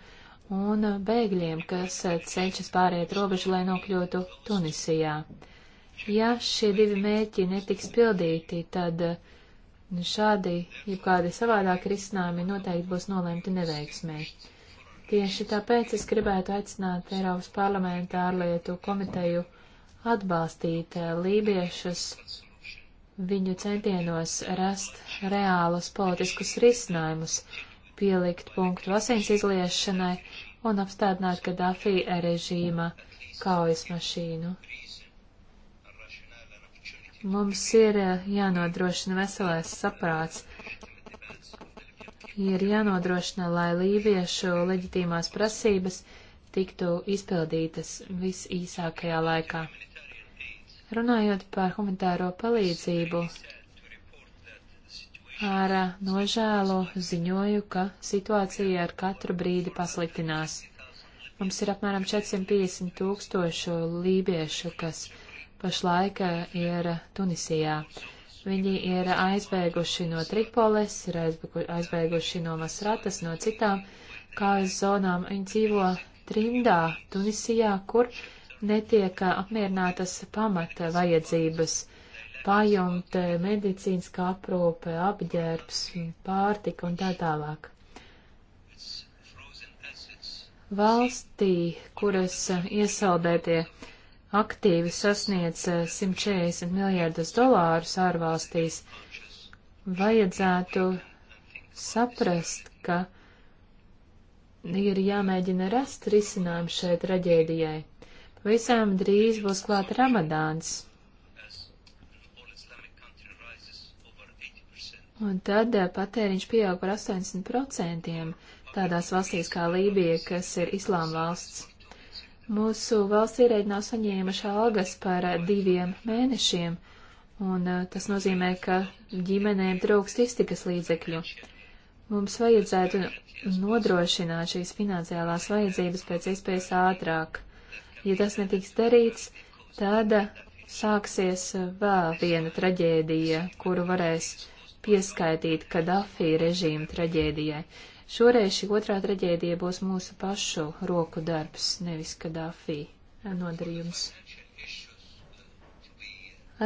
un bēgļiem, kas cenšas pāriet robežu, lai nokļūtu Tunisijā. Ja šie divi mērķi netiks pildīti, tad šādi, ja kādi savādāki risinājumi noteikti būs nolēmti neveiksmē. Tieši tāpēc es gribētu aicināt Eiropas parlamentu ārlietu komiteju atbalstīt lībiešus viņu centienos rast reālus politiskus risinājumus, pielikt punktu asins izliešanai un apstādināt Gaddafi režīma kaujas mašīnu. Mums ir eh, jānodrošina veselais saprāts. Ir jānodrošina, lai lībiešu leģitīmās prasības tiktu izpildītas visīsākajā laikā. Runājot par humanitāro palīdzību, ar nožēlu ziņoju, ka situācija ar katru brīdi pasliktinās. Mums ir apmēram 450 tūkstošu lībiešu, kas pašlaik eh, ir Tunisijā. Viņi ir aizbēguši no Tripoles, ir aizbēguši no Masratas, no citām kājas zonām. Viņi dzīvo trimdā Tunisijā, kur netiek apmierinātas pamata vajadzības - pajumte, medicīniskā aprūpe, apģērbs, pārtika un tā tālāk. Valstī, kuras iesaldētie aktīvi sasniedz 140 miljārdus dolārus ārvalstīs, vajadzētu saprast, ka ir jāmēģina rast risinājumu šai traģēdijai. Visam drīz būs klāt Ramadāns. Un tad eh, patēriņš pieaug par 80% tādās valstīs kā Lībija, kas ir islāma valsts. Mūsu valsts ierēģi nav saņēmuši algas par eh, diviem mēnešiem, un eh, tas nozīmē, ka ģimenēm trūkst iztikas līdzekļu. Mums vajadzētu nodrošināt šīs finansiālās vajadzības pēc iespējas ātrāk. Ja tas netiks darīts, tad sāksies vēl viena traģēdija, kuru varēs pieskaitīt Kadafī režīma traģēdijai. Šoreiz šī otrā traģēdija būs mūsu pašu roku darbs, nevis Kadafī nodarījums.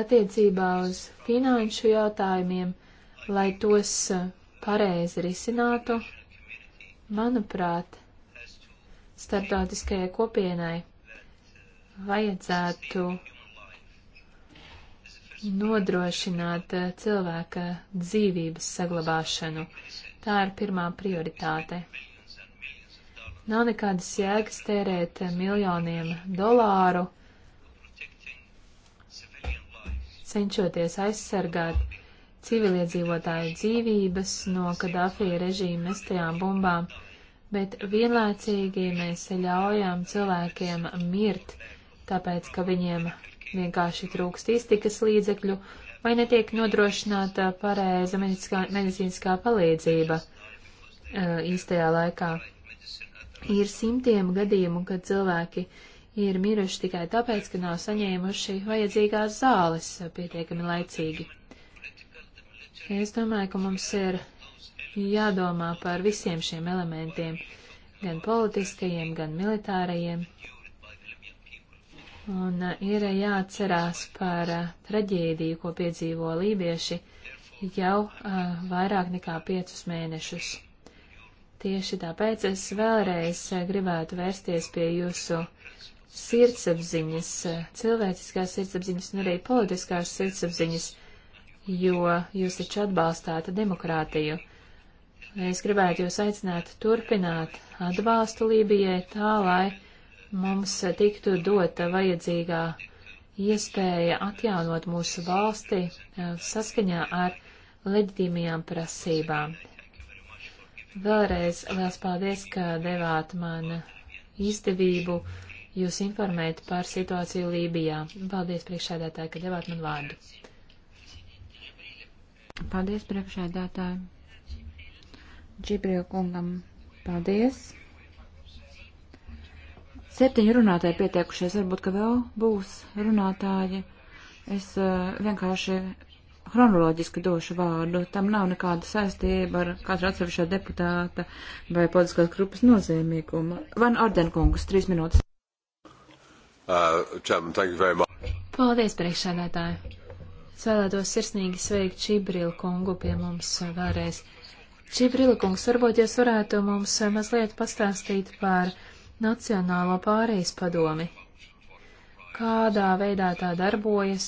Attiecībā uz finanšu jautājumiem, lai tos pareizi risinātu, manuprāt, starptautiskajai kopienai vajadzētu nodrošināt eh, cilvēka dzīvības saglabāšanu. Tā ir pirmā prioritāte. Nav nekādas jēgas tērēt miljoniem dolāru, cenšoties aizsargāt civiliedzīvotāju dzīvības no Kadafija režīma mestajām bumbām, bet vienlaicīgi mēs ļaujam cilvēkiem mirt tāpēc, ka viņiem vienkārši trūkst iztikas līdzekļu vai netiek nodrošināta pareiza medicīniskā palīdzība e, īstajā laikā. Ir simtiem gadījumu, kad cilvēki ir miruši tikai tāpēc, ka nav saņēmuši vajadzīgās zāles pietiekami laicīgi. Es domāju, ka mums ir jādomā par visiem šiem elementiem, gan politiskajiem, gan militārajiem, Un uh, ir jāatcerās par uh, traģēdiju, ko piedzīvo lībieši jau uh, vairāk nekā piecus mēnešus. Tieši tāpēc es vēlreiz uh, gribētu vērsties pie jūsu sirdsapziņas, cilvēciskās sirdsapziņas un arī politiskās sirdsapziņas, jo jūs taču atbalstāt demokrātiju. Es gribētu jūs aicināt turpināt atbalstu Lībijai tā, lai mums tiktu dota vajadzīgā iespēja atjaunot mūsu valsti eh, saskaņā ar leģitīmajām prasībām. Vēlreiz liels paldies, ka devāt man izdevību jūs informēt par situāciju Lībijā. Paldies priekšēdētāji, ka devāt man vārdu. Paldies priekšēdētāji. Džibril kungam, paldies. Septiņi runātāji pieteikušies, varbūt, ka vēl būs runātāji. Es uh, vienkārši chronoloģiski došu vārdu. Tam nav nekāda saistība ar katra atsevišķā deputāta vai politiskās grupas nozīmīgumu. Van Ardenkungs, trīs minūtes. Uh, Chairman, thank you very much. Paldies, priekšsēdētāji. Es vēlētos sirsnīgi sveikt Čibrilu kungu pie mums vēlreiz. Čibrilu kungs, varbūt jūs varētu mums eh, mazliet pastāstīt par uh, Nacionālo pārejas padomi. Kādā veidā tā darbojas,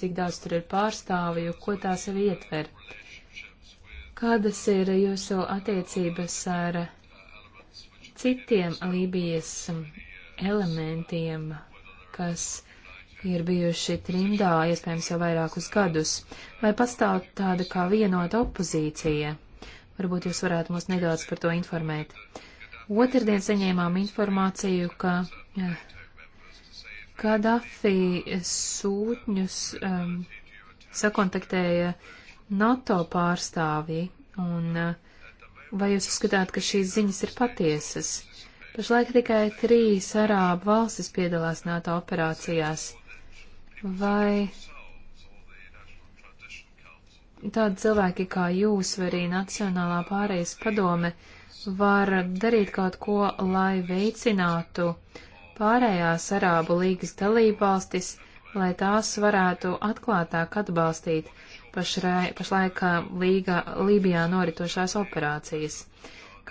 cik daudz tur ir pārstāvju, ko tā sev ietver? Kādas ir jūsu attiecības ar citiem Lībijas elementiem, kas ir bijuši trimdā, iespējams, jau vairākus gadus, vai pastāv tāda kā vienota opozīcija? Varbūt jūs varētu mūs nedaudz par to informēt. Otrdien saņēmām informāciju, ka jā, Kadafi sūtņus um, sakontaktēja NATO pārstāvji, un uh, vai jūs uzskatāt, ka šīs ziņas ir patiesas? Pašlaik tikai trīs arābu valstis piedalās NATO operācijās. Vai tādi cilvēki kā jūs vai arī Nacionālā pārējais padome uh, var darīt kaut ko, lai veicinātu pārējās Arābu līgas dalībvalstis, lai tās varētu atklātāk atbalstīt pašrai, pašlaik līga, Lībijā noritošās operācijas.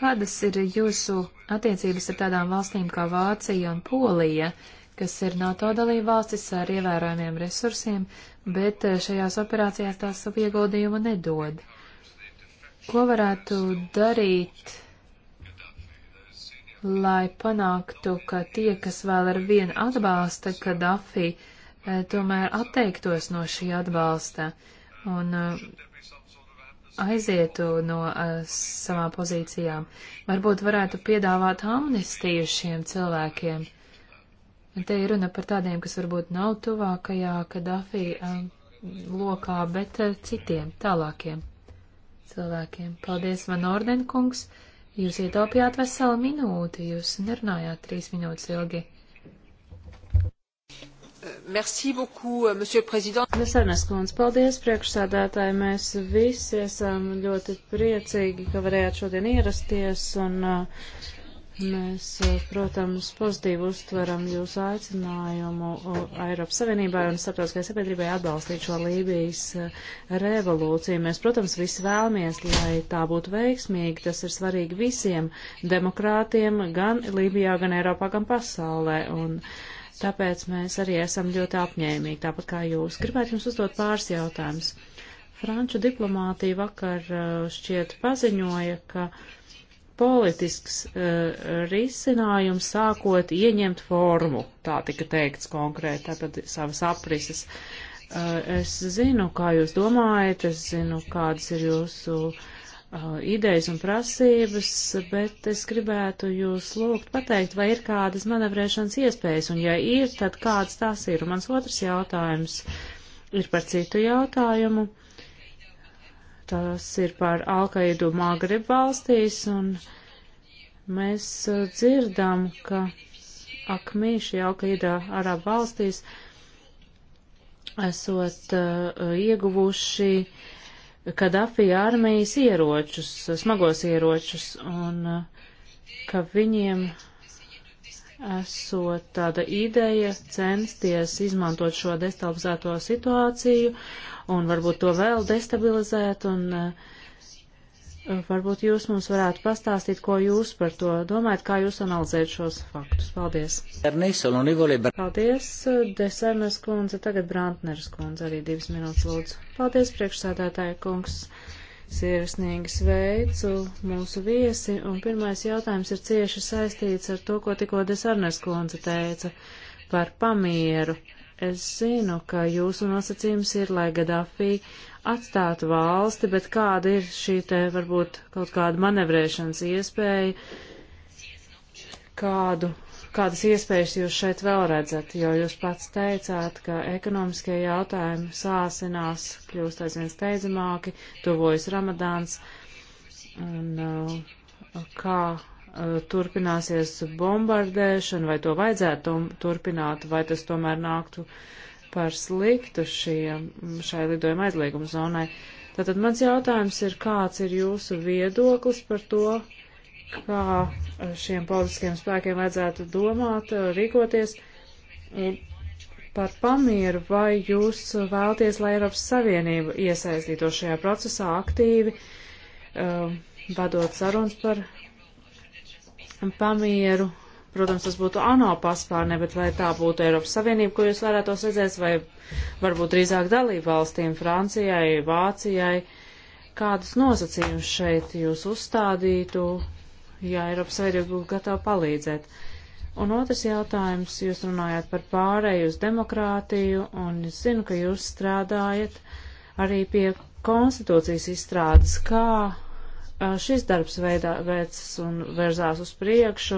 Kādas ir jūsu attiecības ar tādām valstīm kā Vācija un Polija, kas ir NATO dalībvalstis ar ievērojumiem resursiem, bet šajās operācijās tās savu ieguldījumu nedod? Ko varētu darīt lai panāktu, ka tie, kas vēl ar vienu atbalsta Kadafi, eh, tomēr atteiktos no šī atbalsta un eh, aizietu no eh, savām pozīcijām. Varbūt varētu piedāvāt amnestiju šiem cilvēkiem. Te ir runa par tādiem, kas varbūt nav tuvākajā Kadafi lokā, bet citiem tālākiem cilvēkiem. Paldies, man ordenkungs! kungs! Jūs ietaupījāt veselu minūti, jūs nerunājāt trīs minūtes ilgi. Merci beaucoup, euh, monsieur le président. Nesarnes kundze, paldies priekšsādātāji. Mēs visi esam ļoti priecīgi, ka varējāt šodien ierasties un uh, Mēs, eh, protams, pozitīvi uztveram jūsu aicinājumu Eiropas Savienībai un starptautiskajai sabiedrībai atbalstīt šo Lībijas eh, revolūciju. Mēs, protams, visi vēlamies, lai tā būtu veiksmīga. Tas ir svarīgi visiem demokrātiem gan Lībijā, gan Eiropā, gan pasaulē. Un tāpēc mēs arī esam ļoti apņēmīgi, tāpat kā jūs. Gribētu jums uzdot pāris jautājumus. Franču diplomātija vakar eh, šķiet paziņoja, ka politisks uh, risinājums sākot ieņemt formu, tā tika teikts konkrēti, tātad savas aprises. Uh, es zinu, kā jūs domājat, es zinu, kādas ir jūsu uh, idejas un prasības, bet es gribētu jūs lūgt pateikt, vai ir kādas manevrēšanas iespējas, un ja ir, tad kādas tās ir. Un mans otrs jautājums ir par citu jautājumu. Uh, Tas ir par Alkaidu Magrib valstīs, un mēs uh, dzirdam, ka akmī šī Alkaida Arab valstīs esot uh, ieguvuši Kadafī armijas ieročus, smagos ieročus, un uh, ka viņiem esot tāda ideja censties izmantot šo destabilizēto situāciju un varbūt to vēl destabilizēt. Un, eh, Varbūt jūs mums varētu pastāstīt, ko jūs par to domājat, kā jūs analizējat šos faktus. Paldies. Paldies, Desernes kundze, tagad Brantneres kundze, arī divas minūtes lūdzu. Paldies, priekšsādātāja kungs. Sirsnīgi sveicu mūsu viesi, un pirmais jautājums ir cieši saistīts ar to, ko tikko Desarnes kundze teica par pamieru. Es zinu, ka jūsu nosacījums ir, lai Gadafī atstātu valsti, bet kāda ir šī te varbūt kaut kāda manevrēšanas iespēja, kādu, kādas iespējas jūs šeit vēl redzat, jo jūs pats teicāt, ka ekonomiskie jautājumi sāsinās, kļūst aizvien steidzamāki, tuvojas Ramadāns, un uh, kā Eh, turpināsies bombardēšana, vai to vajadzētu turpināt, vai tas tomēr nāktu par sliktu šiem, šai lidojuma aizlieguma zonai. Tātad mans jautājums ir, kāds ir jūsu viedoklis par to, kā eh, šiem politiskiem spēkiem vajadzētu domāt, eh, rīkoties par pamieru, vai jūs vēlties, lai Eiropas Savienība iesaistītos šajā procesā aktīvi, vadot sarunas par pamieru. Protams, tas būtu ANO paspārnē, bet vai tā būtu Eiropas Savienība, ko jūs varētu redzēt, vai varbūt drīzāk dalību valstīm, Francijai, Vācijai, kādus nosacījumus šeit jūs uzstādītu, ja Eiropas Savienība būtu gatava palīdzēt. Un otrs jautājums, jūs runājāt par pārēju uz demokrātiju, un es zinu, ka jūs strādājat arī pie konstitūcijas izstrādes, kā šis darbs veidā, veicas un verzās uz priekšu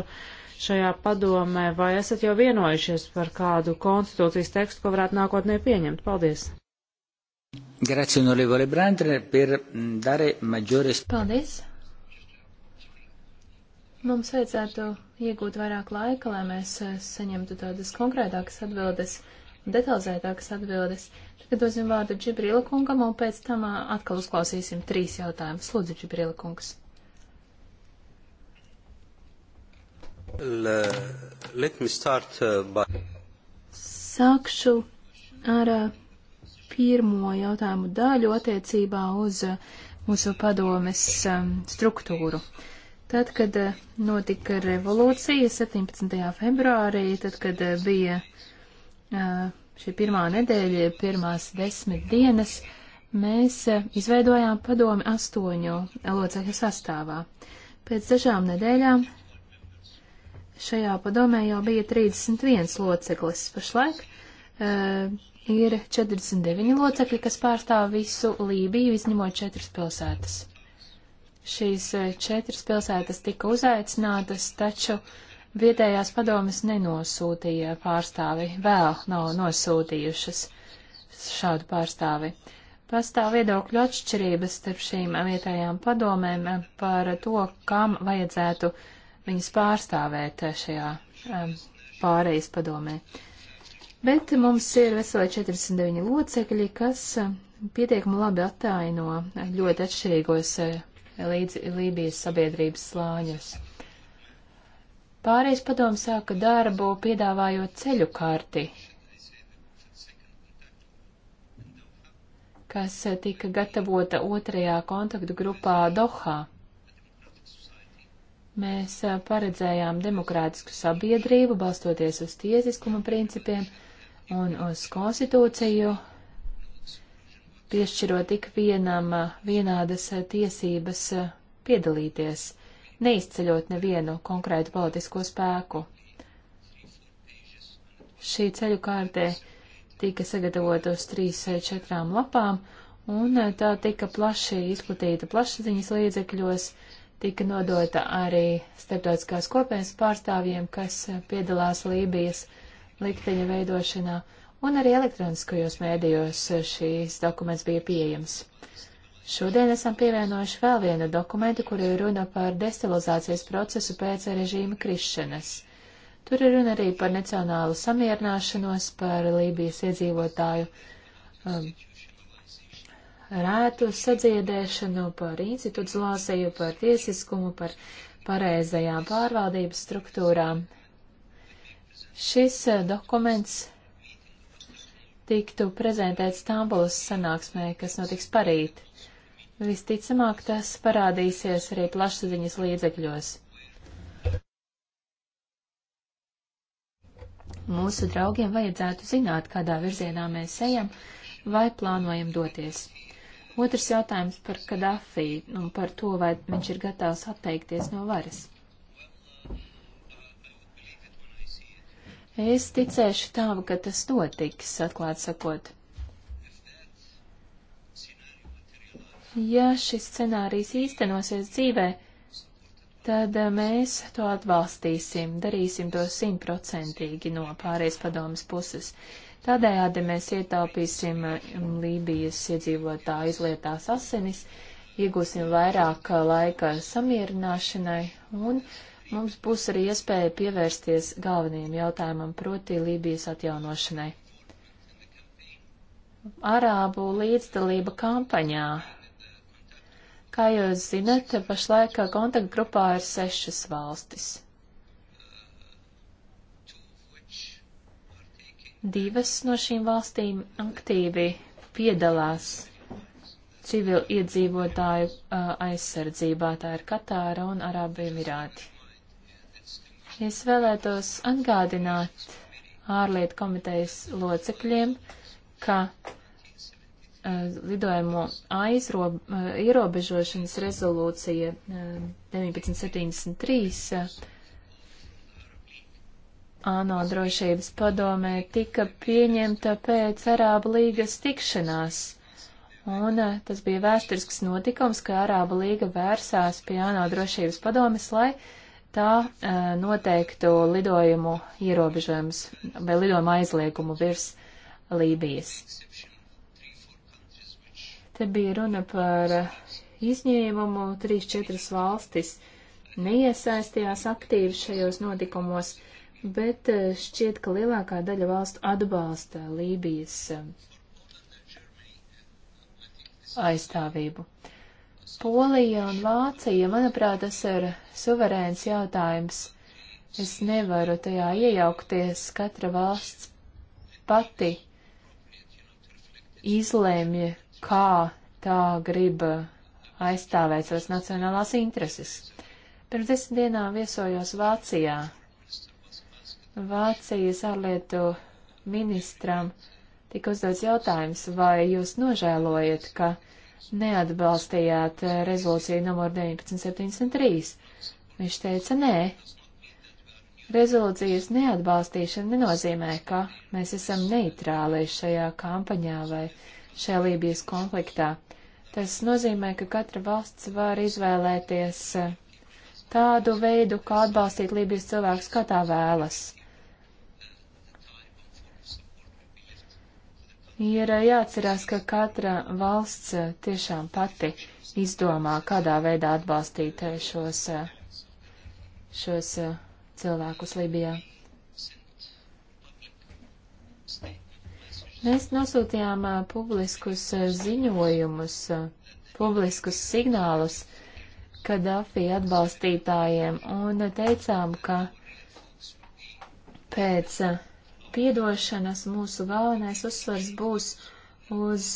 šajā padomē, vai esat jau vienojušies par kādu konstitūcijas tekstu, ko varētu nākotnē pieņemt? Paldies! Grazie, onorevole Brandre, per mm, dare maggiore... Paldies! Mums vajadzētu iegūt vairāk laika, lai mēs eh, saņemtu tādas konkrētākas atbildes, detalizētākas atbildes. Uh, Tagad dosim vārdu Džibrila kungam, un pēc tam atkal uzklausīsim trīs jautājumus. Lūdzu, Džibrila kungs. Start, uh, by... Sākšu ar uh, pirmo jautājumu daļu attiecībā uz uh, mūsu padomes um, struktūru. Tad, kad notika revolūcija 17. februārī, tad, kad bija uh, šī pirmā nedēļa, pirmās desmit dienas, mēs e, izveidojām padomi astoņu locekļu sastāvā. Pēc dažām nedēļām šajā padomē jau bija 31 loceklis. Pašlaik uh, ir 49 locekļi, kas pārstāv visu Lībiju, izņemot četras pilsētas. Šīs e, četras pilsētas tika uzaicinātas, taču uh, Vietējās padomas nenosūtīja pārstāvi, vēl nav nosūtījušas šādu pārstāvi. Pastāv viedokļu atšķirības starp šīm vietējām padomēm par to, kam vajadzētu viņas pārstāvēt šajā pārejas padomē. Bet mums ir veseli 49 locekļi, kas pietiekami labi attaino ļoti atšķirīgos eh, līdz Lībijas sabiedrības slāņus. Pārējais padomu sāka darbu, piedāvājot ceļu karti, kas tika gatavota otrajā kontaktu grupā Dohā. Mēs paredzējām demokrātisku sabiedrību, balstoties uz tiesiskuma principiem un uz konstitūciju, piešķirot ik vienam vienādas tiesības piedalīties neizceļot nevienu konkrētu politisko spēku. Šī ceļu kārtē tika sagatavota uz 3-4 lapām, un tā tika plaši izplatīta plašsaziņas līdzekļos, tika nodota arī starptautiskās kopienas pārstāvjiem, kas piedalās Lībijas likteņa veidošanā, un arī elektroniskajos mēdījos šīs dokuments bija pieejams. Šodien esam pievienojuši vēl vienu dokumentu, kur ir runa par destilizācijas procesu pēc režīma krišanas. Tur ir runa arī par nacionālu samierināšanos, par Lībijas iedzīvotāju um, rētu sadziedēšanu, par institucionalizāciju, par tiesiskumu, par pareizajām pārvaldības struktūrām. Šis uh, dokuments tiktu prezentēts Stambulas sanāksmē, kas notiks parīt. Visticamāk, tas parādīsies arī plašsaziņas līdzekļos. Mūsu draugiem vajadzētu zināt, kādā virzienā mēs ejam vai plānojam doties. Otrs jautājums par Kadafī un par to, vai viņš ir gatavs atteikties no varas. Es ticēšu tam, ka tas notiks, atklāt sakot. Ja šis scenārijs īstenosies dzīvē, tad eh, mēs to atbalstīsim, darīsim to simtprocentīgi no pārējais padomas puses. Tādējādi mēs ietaupīsim eh, Lībijas iedzīvotāju izlietās asinis, iegūsim vairāk eh, laika samierināšanai un mums būs arī iespēja pievērsties galvenajam jautājumam, proti Lībijas atjaunošanai. Arābu līdzdalība kampaņā Kā jūs zinat, pašlaik kontaktgrupā ir sešas valstis. Divas no šīm valstīm aktīvi piedalās civil iedzīvotāju uh, aizsardzībā, tā ir Katāra un Arābu Emirāti. Es vēlētos atgādināt ārlietu komitejas locekļiem, ka Uh, lidojumu aizro, uh, ierobežošanas rezolūcija 1973 uh, ANO drošības padomē tika pieņemta pēc Arābu līgas tikšanās. Un tas bija vēsturisks notikums, ka Arābu līga vērsās pie ANO drošības padomes, lai tā noteiktu lidojumu ierobežojumus vai lidojumu aizliegumu virs Lībijas. Te bija runa par izņēmumu, 3-4 valstis neiesaistījās aktīvi šajos notikumos, bet eh, šķiet, ka lielākā daļa valstu atbalsta Lībijas eh, aizstāvību. Polija un Vācija, manuprāt, tas ir suverēns jautājums. Es nevaru tajā iejaukties, katra valsts pati izlēmja, kā tā grib aizstāvēt savas nacionālās intereses. Pirms desmit dienām viesojos Vācijā. Vācijas ārlietu ministram tika uzdots jautājums, vai jūs nožēlojat, ka neatbalstījāt rezolūciju numur 1973. Viņš teica, nē, rezolūcijas neatbalstīšana nenozīmē, ka mēs esam neitrāli šajā kampaņā vai uh, šajā Lībijas konfliktā. Tas nozīmē, ka katra valsts var izvēlēties eh, tādu veidu, kā atbalstīt Lībijas cilvēkus, kā tā vēlas. Ir eh, jāatcerās, ka katra valsts eh, tiešām pati izdomā, kādā veidā atbalstīt šos, šos cilvēkus Libijā. Mēs nosūtījām publiskus ziņojumus, publiskus signālus Kadafi atbalstītājiem un teicām, ka pēc piedošanas mūsu galvenais uzsvars būs uz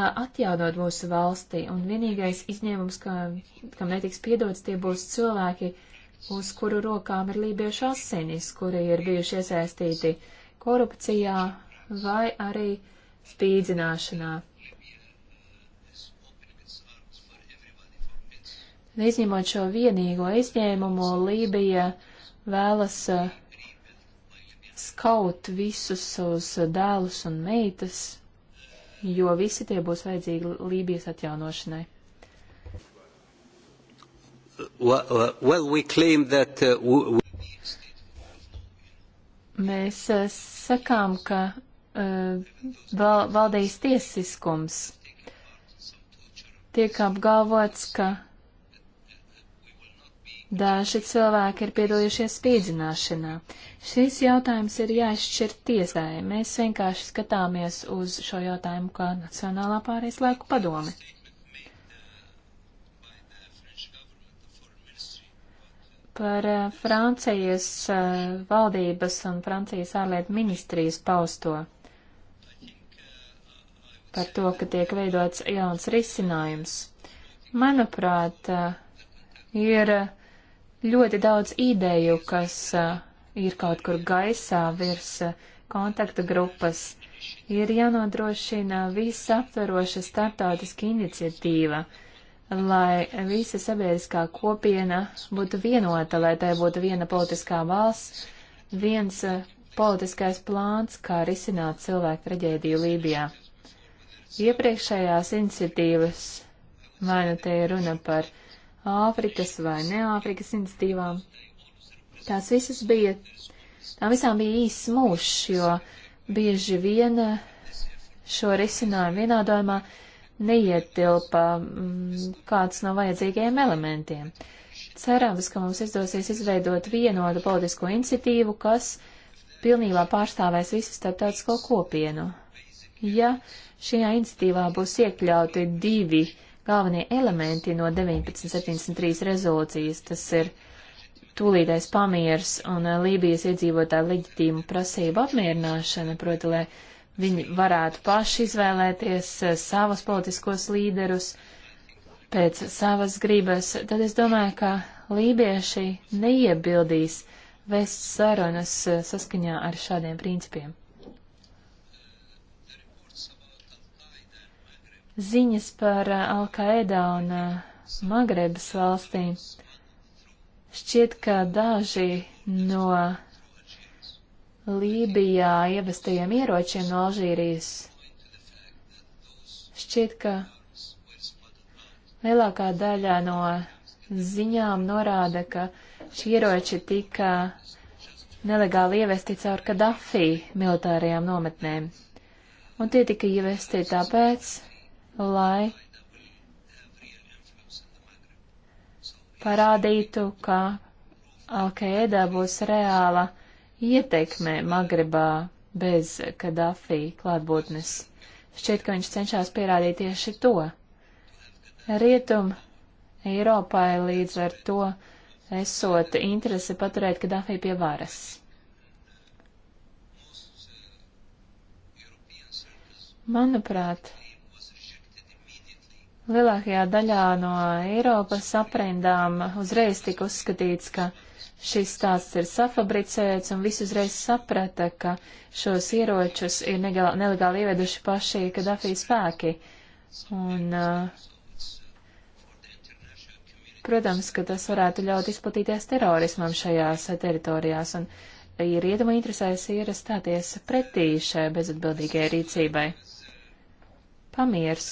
atjaunot mūsu valsti, un vienīgais izņēmums, ka, kam netiks piedots, tie būs cilvēki, uz kuru rokām ir lībiešu asinis, kuri ir bijuši iesaistīti korupcijā vai arī spīdzināšanā. Izņemot šo vienīgo izņēmumu, Lībija vēlas uh, skaut visus savus dēlus un meitas, jo visi tie būs vajadzīgi Lībijas atjaunošanai. Well, uh, we that, uh, we... Mēs e, sakām, ka e, val, valdīs tiesiskums. Tiek apgalvots, ka daži cilvēki ir piedalījušies spīdzināšanā. Šis jautājums ir jāizšķir tiesai. Mēs vienkārši skatāmies uz šo jautājumu kā Nacionālā pārējais laiku padome. par eh, Francijas eh, valdības un Francijas ārlietu ministrijas pausto, par to, ka tiek veidots jauns risinājums. Manuprāt, eh, ir ļoti daudz ideju, kas ir kaut kur gaisā virs kontakta grupas. Ir jānodrošina visaptveroša startautiska iniciatīva. Uh, lai visa sabiedriskā kopiena būtu vienota, lai tai būtu viena politiskā valsts, viens eh, politiskais plāns, kā risināt cilvēku traģēdiju Lībijā. Iepriekšējās iniciatīvas, vai nu te ir runa par Āfrikas vai Neāfrikas iniciatīvām, tās visas bija, tām visām bija īsts mūžs, jo bieži vien eh, šo risinājumu vienādojumā neietilpa mm, kāds no vajadzīgajiem elementiem. Cerams, ka mums izdosies izveidot vienotu politisko iniciatīvu, kas pilnībā pārstāvēs visu starptautisko kopienu. Ja šajā iniciatīvā būs iekļauti divi galvenie elementi no 1973 rezolūcijas, tas ir tūlītais pamiers un Lībijas iedzīvotāju leģitīmu prasību apmierināšana, proti, lai Viņi varētu paši izvēlēties eh, savus politiskos līderus pēc savas gribas. Tad es domāju, ka lībieši neiebildīs vēst sarunas eh, saskaņā ar šādiem principiem. Ziņas par eh, Alkaēdā un Magrebas valstīm. Šķiet, ka daži no Lībijā ievestajiem ieročiem no Alžīrijas. Šķiet, ka lielākā daļa no ziņām norāda, ka šie ieroči tika nelegāli ievesti caur Kadafī militārajām nometnēm. Un tie tika ievesti tāpēc, lai parādītu, ka Alkaēdā būs reāla ietekme Magrebā bez Kadafī klātbūtnes. Šķiet, ka viņš cenšas pierādīt tieši to. Rietum Eiropai līdz ar to esot interese paturēt Kadafī pie varas. Manuprāt, lielākajā daļā no Eiropas aprindām uzreiz tika uzskatīts, ka Šis stāsts ir safabricēts, un visi uzreiz saprata, ka šos ieročus ir negal, nelegāli ieveduši paši Kadafī spēki. Un, uh, protams, ka tas varētu ļaut izplatīties terorismam šajās teritorijās, un ir iedama interesēs ir stāties pretī šai bezatbildīgai rīcībai. Pamiers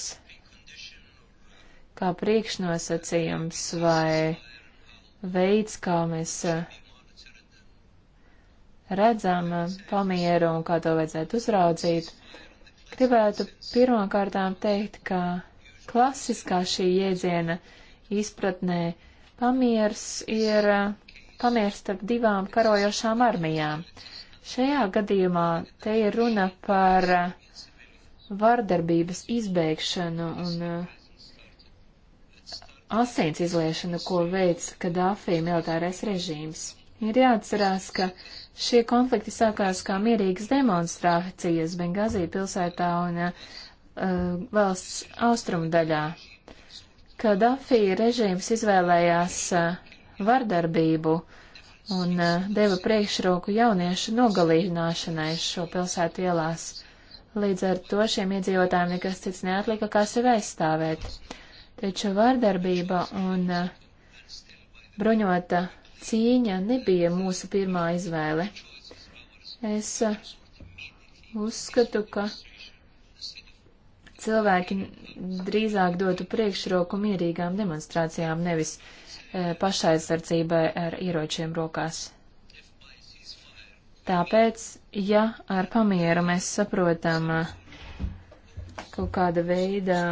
kā priekšnosacījums vai veids, kā mēs eh, redzam eh, pamieru un kā to vajadzētu uzraudzīt. Gribētu pirmkārtām teikt, ka klasiskā šī jēdziena izpratnē pamiers ir eh, pamiers starp divām karojošām armijām. Šajā gadījumā te ir runa par vardarbības izbēgšanu un uh, asins izliešanu, ko veids Kadāfī militārais režīms. Ir jāatcerās, ka šie konflikti sākās kā mierīgas demonstrācijas Bengāzī pilsētā un uh, valsts austrumu daļā. Kadāfī režīms izvēlējās uh, vardarbību un uh, deva priekšroku jauniešu nogalīšanai šo pilsētu ielās. Līdz ar to šiem iedzīvotājiem nekas cits neatlika, kā sevi aizstāvēt. Taču vārdarbība un eh, bruņota cīņa nebija mūsu pirmā izvēle. Es eh, uzskatu, ka cilvēki drīzāk dotu priekšroku mierīgām demonstrācijām, nevis eh, pašaizsardzībai ar ieročiem rokās. Tāpēc, ja ar pamieru mēs saprotam kaut kāda veida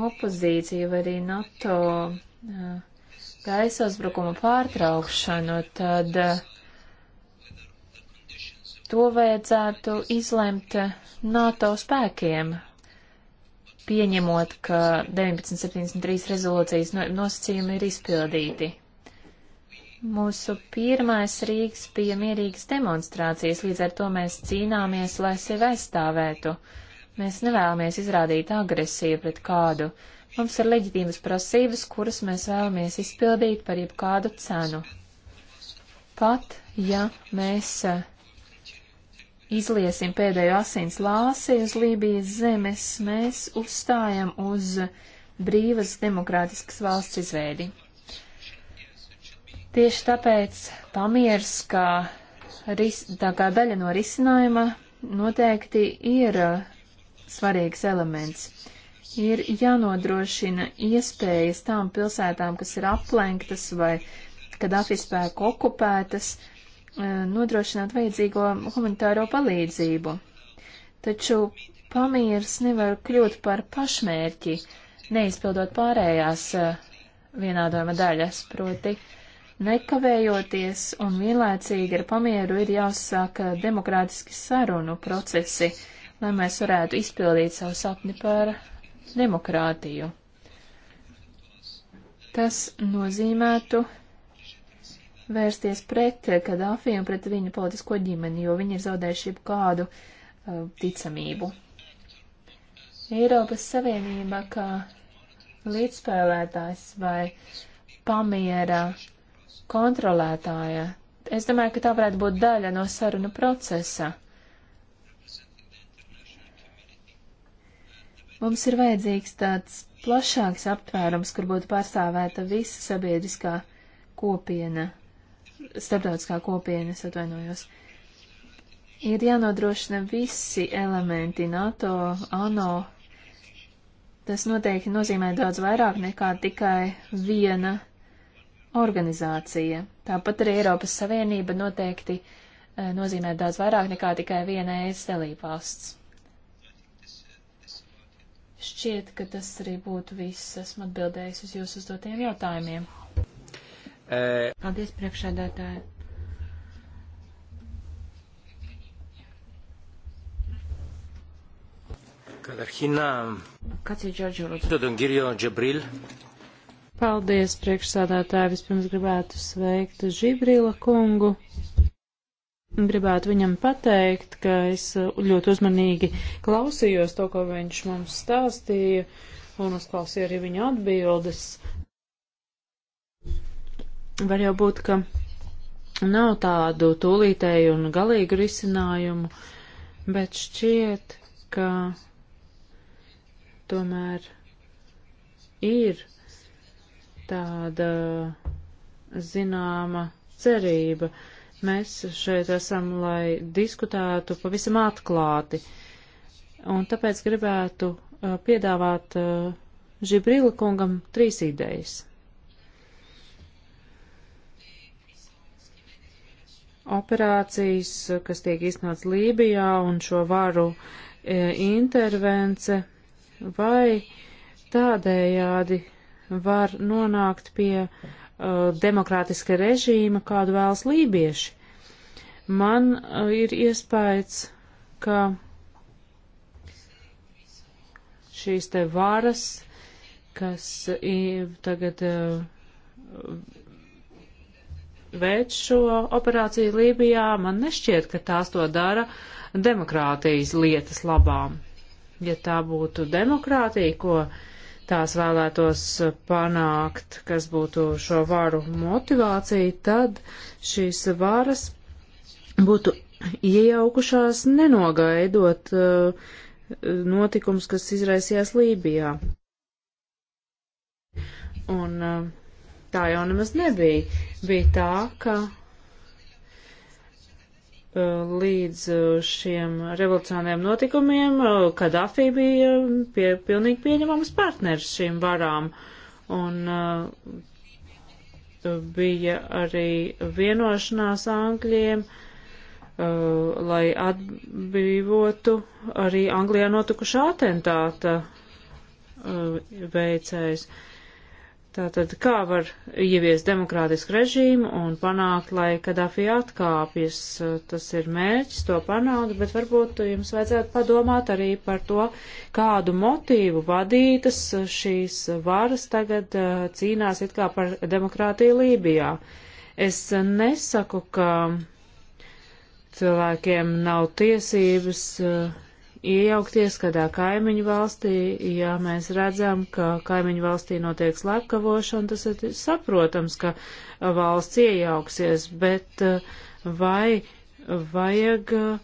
opozīciju vai arī NATO gaisa uzbrukuma pārtraukšanu, tad to vajadzētu izlemt NATO spēkiem, pieņemot, ka 1973 rezolūcijas nosacījumi ir izpildīti. Mūsu pirmais rīks bija mierīgas demonstrācijas, līdz ar to mēs cīnāmies, lai sevi aizstāvētu. Uh, Mēs nevēlamies izrādīt agresiju pret kādu. Mums ir leģitīvas prasības, kuras mēs vēlamies izpildīt par jebkādu cenu. Pat, ja mēs eh, izliesim pēdējo asins lāsi uz Lībijas zemes, mēs uzstājam uz brīvas demokrātiskas valsts izveidi. Tieši tāpēc pamieris, kā, ris, tā kā daļa no risinājuma, noteikti ir eh, svarīgs elements. Ir jānodrošina iespējas tām pilsētām, kas ir aplenktas vai kad afispēku okupētas, eh, nodrošināt vajadzīgo humanitāro palīdzību. Taču pamīrs nevar kļūt par pašmērķi, neizpildot pārējās eh, vienādojuma daļas, proti nekavējoties un vienlaicīgi ar pamieru ir jāsāk eh, demokrātiski sarunu procesi lai mēs varētu izpildīt savu sapni par demokrātiju. Tas nozīmētu vērsties pret Kadāfi un pret viņu politisko ģimeni, jo viņi ir zaudējuši jebkādu uh, ticamību. Eiropas Savienība kā līdzspēlētājs vai pamiera kontrolētāja, es domāju, ka tā varētu būt daļa no saruna procesa. Mums ir vajadzīgs tāds plašāks aptvērums, kur būtu pārstāvēta visa sabiedriskā kopiena, starptautiskā kopiena, es atvainojos. Ir jānodrošina visi elementi NATO, ANO. Tas noteikti nozīmē daudz vairāk nekā tikai viena organizācija. Tāpat arī Eiropas Savienība noteikti eh, nozīmē daudz vairāk nekā tikai viena ES dalībvalsts. Šķiet, ka tas arī būtu viss. Esmu atbildējis uz jūsu uzdotiem jautājumiem. E... Paldies, priekšādātāji. Kadarhina. Kāds ir Džordžu Lūdzu? Paldies, priekšsādātāji. Vispirms gribētu sveikt Žibrila kungu. Gribētu viņam pateikt, ka es uh, ļoti uzmanīgi klausījos to, ko viņš mums stāstīja, un uzklausīju arī viņa atbildes. Var jau būt, ka nav tādu tūlītēju un galīgu risinājumu, bet šķiet, ka tomēr ir tāda zināma cerība. Uh, Mēs šeit esam, lai diskutētu pavisam atklāti. Un tāpēc gribētu uh, piedāvāt uh, Žibrila kungam trīs idejas. Operācijas, kas tiek īstenots Lībijā un šo varu e, intervence, vai tādējādi var nonākt pie uh, Uh, demokrātiska režīma, kādu vēlas lībieši. Man uh, ir iespējas, ka šīs te varas, kas tagad uh, veic šo operāciju Lībijā, man nešķiet, ka tās to dara demokrātijas lietas labām. Ja tā būtu demokrātija, ko uh, tās vēlētos panākt, kas būtu šo varu motivācija, tad šīs varas būtu iejaukušās nenogaidot uh, notikums, kas izraisījās Lībijā. Un uh, tā jau nemaz nebija. Bija tā, ka līdz uh, šiem revolucionāriem notikumiem uh, Kadafī bija um, pie, pilnīgi pieņemams partners šīm varām. Un uh, bija arī vienošanās Angļiem, lai atbrīvotu arī Anglijā notikušā atentāta veicējs. Uh, Tātad, kā var ieviest demokrātisku režīmu un panākt, lai Kadafī atkāpjas, tas ir mērķis to panākt, bet varbūt jums vajadzētu padomāt arī par to, kādu motīvu vadītas šīs varas tagad eh, cīnās it kā par demokrātiju Lībijā. Es nesaku, ka cilvēkiem nav tiesības eh, iejaukties kādā kaimiņu valstī, ja mēs redzam, ka kaimiņu valstī notiek slepkavošana, tas ir saprotams, ka valsts iejauksies, bet eh, vai vajag eh,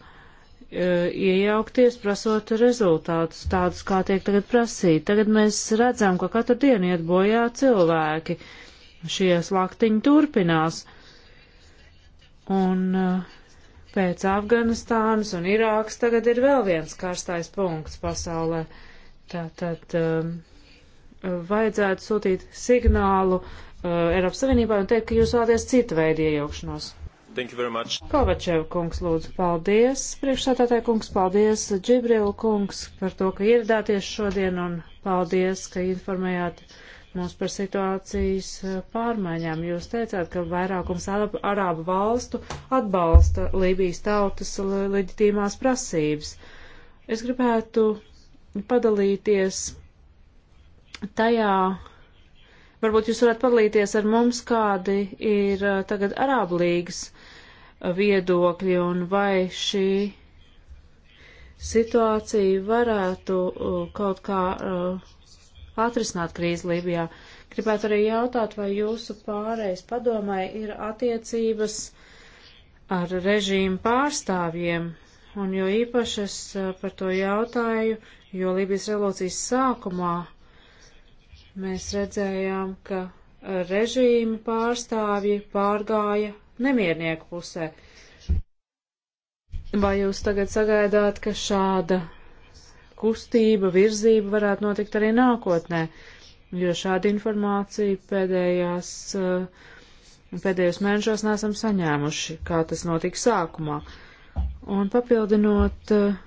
iejaukties, prasot rezultātus tādus, kā tiek tagad prasīt. Tagad mēs redzam, ka katru dienu iet bojā cilvēki. Šie slaktiņi turpinās. Un uh, Pēc Afganistānas un Irākas tagad ir vēl viens karstais punkts pasaulē. Tātad um, vajadzētu sūtīt signālu uh, Eiropas Savienībā un teikt, ka jūs vēlaties citu veidu iejaukšanos. Kovačev kungs, lūdzu, paldies. Priekšsādātāja kungs, paldies. Džibril kungs par to, ka ieradāties šodien un paldies, ka informējāt. Uh, mums par situācijas eh, pārmaiņām. Jūs teicāt, ka vairākums arābu valstu atbalsta Lībijas tautas leģitīmās prasības. Es gribētu padalīties tajā, varbūt jūs varētu padalīties ar mums, kādi ir eh, tagad Arābu līgas eh, viedokļi un vai šī situācija varētu kaut kā uh, atrisināt krīzi Lībijā. Gribētu arī jautāt, vai jūsu pārējais padomai ir attiecības ar režīmu pārstāvjiem, un jo īpaši es eh, par to jautāju, jo Lībijas revolūcijas sākumā mēs redzējām, ka režīma pārstāvji pārgāja nemiernieku pusē. Vai jūs tagad sagaidāt, ka šāda kustība, virzība varētu notikt arī nākotnē, jo šāda informācija pēdējās, eh, pēdējos mēnešos nesam saņēmuši, kā tas notika sākumā. Un papildinot eh,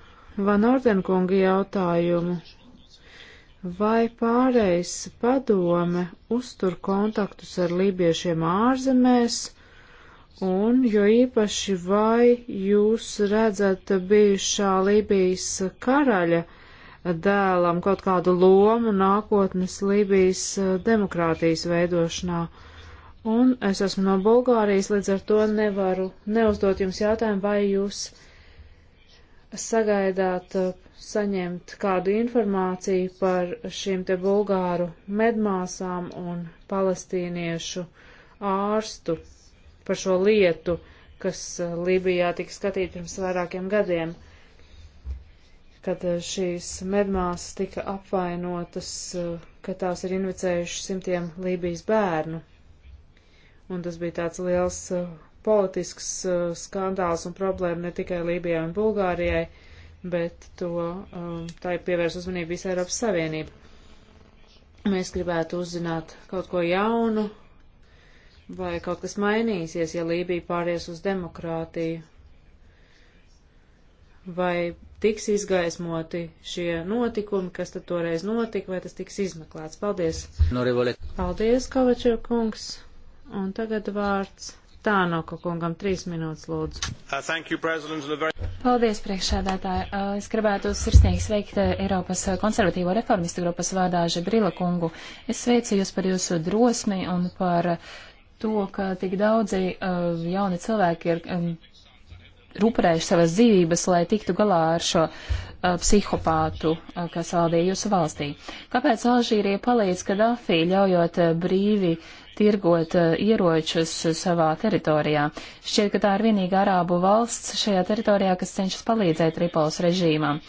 Van Ordenkunga jautājumu, vai pārējais padome uztur kontaktus ar lībiešiem ārzemēs, Un, jo īpaši vai jūs redzat bijušā Lībijas karaļa dēlam kaut kādu lomu nākotnes Lībijas eh, demokrātijas veidošanā. Un es esmu no Bulgārijas, līdz ar to nevaru neuzdot jums jautājumu, vai jūs sagaidāt eh, saņemt kādu informāciju par šīm te bulgāru medmāsām un palestīniešu ārstu par šo lietu, kas eh, Lībijā tika skatīta pirms vairākiem gadiem. Uh, kad eh, šīs medmāsas tika apvainotas, eh, ka tās ir invicējušas simtiem Lībijas bērnu. Un tas bija tāds liels eh, politisks skandāls un problēma ne tikai Lībijai un Bulgārijai, bet to tā ir pievērs uzmanību visai Eiropas Savienība. Mēs gribētu uzzināt kaut ko jaunu, vai kaut kas mainīsies, ja Lībija pāries uz demokrātiju, vai tiks izgaismoti šie notikumi, kas tad toreiz notika, vai tas tiks izmeklēts. Paldies! Paldies, Kovačev kungs! Un tagad vārds Tānoka kungam trīs minūtes lūdzu. Uh, you, very... Paldies, priekšsēdētāji. Uh, es gribētu sirsnīgi sveikt uh, Eiropas uh, konservatīvo reformistu grupas vārdā Žebrila kungu. Es sveicu jūs par jūsu drosmi un par to, ka tik daudzi uh, jauni cilvēki ir um, rūpējuši savas dzīvības, lai tiktu galā ar šo uh, psihopātu, uh, kas valdīja jūsu valstī. Kāpēc Alžīrija palīdz Kadafī, ļaujot uh, brīvi tirgot uh, ieročus uh, savā teritorijā? Šķiet, ka tā ir vienīgā arābu valsts šajā teritorijā, kas cenšas palīdzēt Ripols režīmam.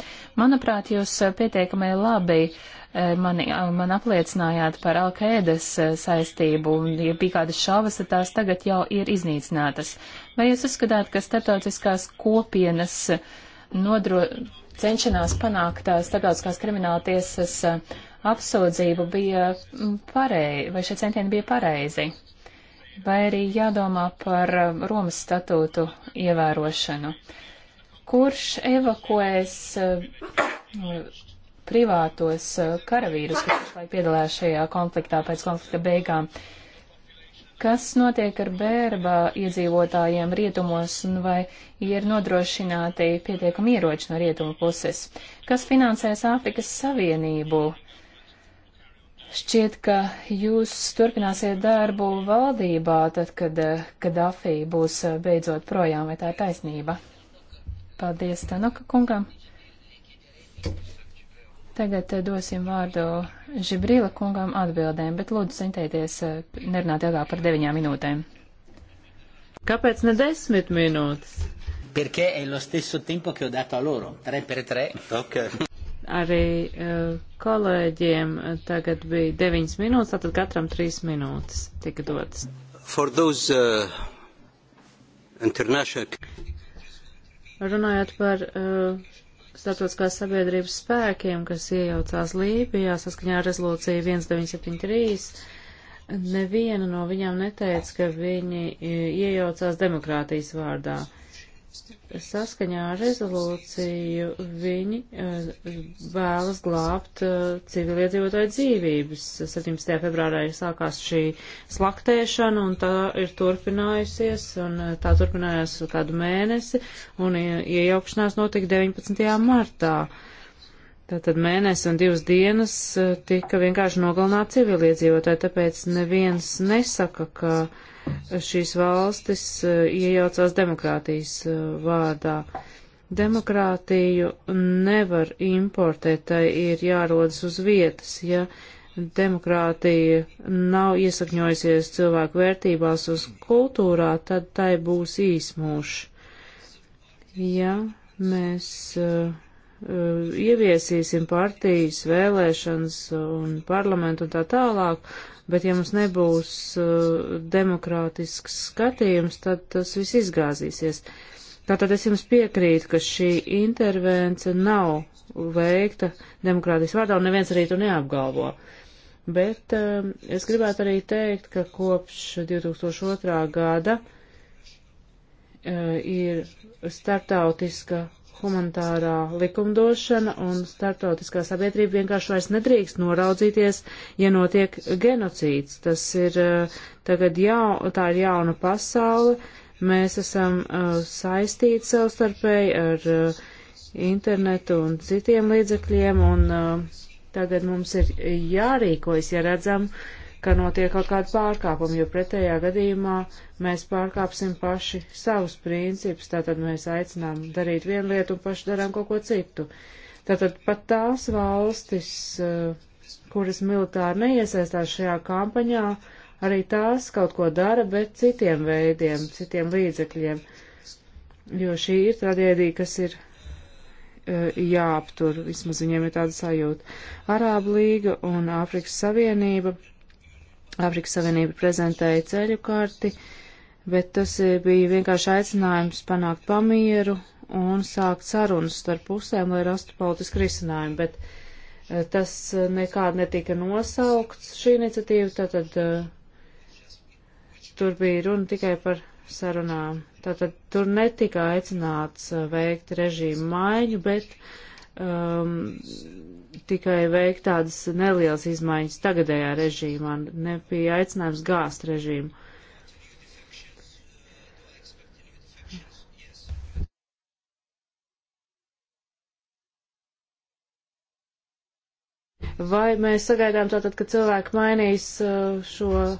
Manuprāt, jūs uh, pietiekamai labi uh, Eh, mani, man apliecinājāt par Alkaidas eh, saistību, un ja bija kādas šaubas, tad tās tagad jau ir iznīcinātas. Vai jūs uzskatāt, ka starptautiskās kopienas eh, nodro, cenšanās panākt starptautiskās krimināla tiesas apsūdzību bija mm, pareizi, vai šie centieni bija pareizi? Vai arī jādomā par Romas statūtu ievērošanu? Kurš evakuēs privātos eh, karavīrus, kas pašlaik piedalās šajā konfliktā pēc konflikta beigām. Kas notiek ar bērba iedzīvotājiem rietumos un vai ir nodrošināti pietiekami ieroči no rietumu puses? Kas finansēs Āfrikas Savienību? Šķiet, ka jūs turpināsiet darbu valdībā, tad, kad Kadafī eh, būs eh, beidzot projām, vai tā ir taisnība? Paldies, Tanoka kungam. Tagad eh, dosim vārdu Žibrīla kungam atbildēm, bet lūdzu centieties eh, nerunāt ilgāk par deviņām minūtēm. Kāpēc ne desmit minūtes? Perché è lo stesso tempo che ho dato a loro, 3 per 3. Okay. Arī uh, kolēģiem tagad bija 9 minūtes, tātad katram 3 minūtes tika dotas. For those uh, international... Runājot par uh, starptautiskās sabiedrības spēkiem, kas iejaucās Lībijā saskaņā ar rezolūciju 1973, neviena no viņām neteica, ka viņi iejaucās demokrātijas vārdā. Uh, saskaņā ar rezolūciju viņi eh, vēlas glābt eh, civiliedzīvotāju dzīvības. 17. februārā ir sākās šī slaktēšana un tā ir turpinājusies un eh, tā turpinājās kādu mēnesi un iejaukšanās notika 19. martā. Tātad mēnesi un divas dienas tika vienkārši nogalināti civiliedzīvotāji, tāpēc neviens nesaka, ka uh, šīs valstis eh, iejaucās demokrātijas eh, vārdā. Demokrātiju nevar importēt, tai ir jārodas uz vietas, ja demokrātija nav iesakņojusies cilvēku vērtībās uz kultūrā, tad tai būs īsmūši. Ja mēs uh, ieviesīsim partijas vēlēšanas un parlamentu un tā tālāk, bet ja mums nebūs uh, demokrātisks skatījums, tad tas viss izgāzīsies. Tātad es jums piekrītu, ka šī intervence nav veikta demokrātijas vārdā, un neviens arī to neapgalvo. Bet uh, es gribētu arī teikt, ka kopš 2002. gada uh, ir startautiska humanitārā likumdošana un startautiskā sabiedrība vienkārši vairs nedrīkst noraudzīties, ja notiek genocīds. Tas ir eh, tagad jau, tā ir jauna pasaule, mēs esam uh, saistīti savstarpēji ar uh, internetu un citiem līdzekļiem, un uh, tagad mums ir jārīkojas, ja redzam, uh, ka notiek kaut kāda pārkāpuma, jo pretējā gadījumā mēs pārkāpsim paši savus principus, tātad mēs aicinām darīt vienu lietu un paši darām kaut ko citu. Tātad pat tās valstis, eh, kuras militāri neiesaistās šajā kampaņā, arī tās kaut ko dara, bet citiem veidiem, citiem līdzekļiem, jo šī ir traģēdija, kas ir eh, jāaptur, vismaz viņiem ir tāda sajūta. Arāba līga un Āfrikas Savienība Afrikas Savienība prezentēja ceļu karti, bet tas e, bija vienkārši aicinājums panākt pamieru un sākt sarunas starp pusēm, lai rastu politisku risinājumu. Bet uh, tas e, nekād netika nosaukts šī iniciatīva, tātad uh, tur bija runa tikai par sarunām. Tātad tur netika aicināts uh, veikt režīmu maiņu, bet um, tikai veikt tādas nelielas izmaiņas tagadējā režīmā, nebija aicinājums gāzt režīmu. Vai mēs sagaidām tātad, ka cilvēki mainīs uh, šo uh,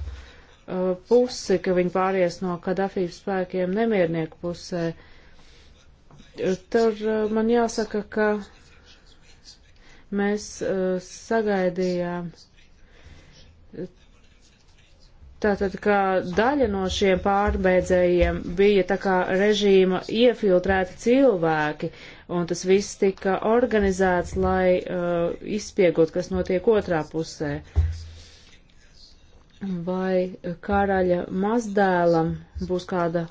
pusi, ka viņi pāries no Kadafijas spēkiem nemiernieku pusē? Tur uh, man jāsaka, ka Mēs uh, sagaidījām tātad, ka daļa no šiem pārbēdzējiem bija tā kā režīma iefiltrēti cilvēki, un tas viss tika organizēts, lai uh, izspiegot, kas notiek otrā pusē. Vai karaļa mazdēlam būs kāda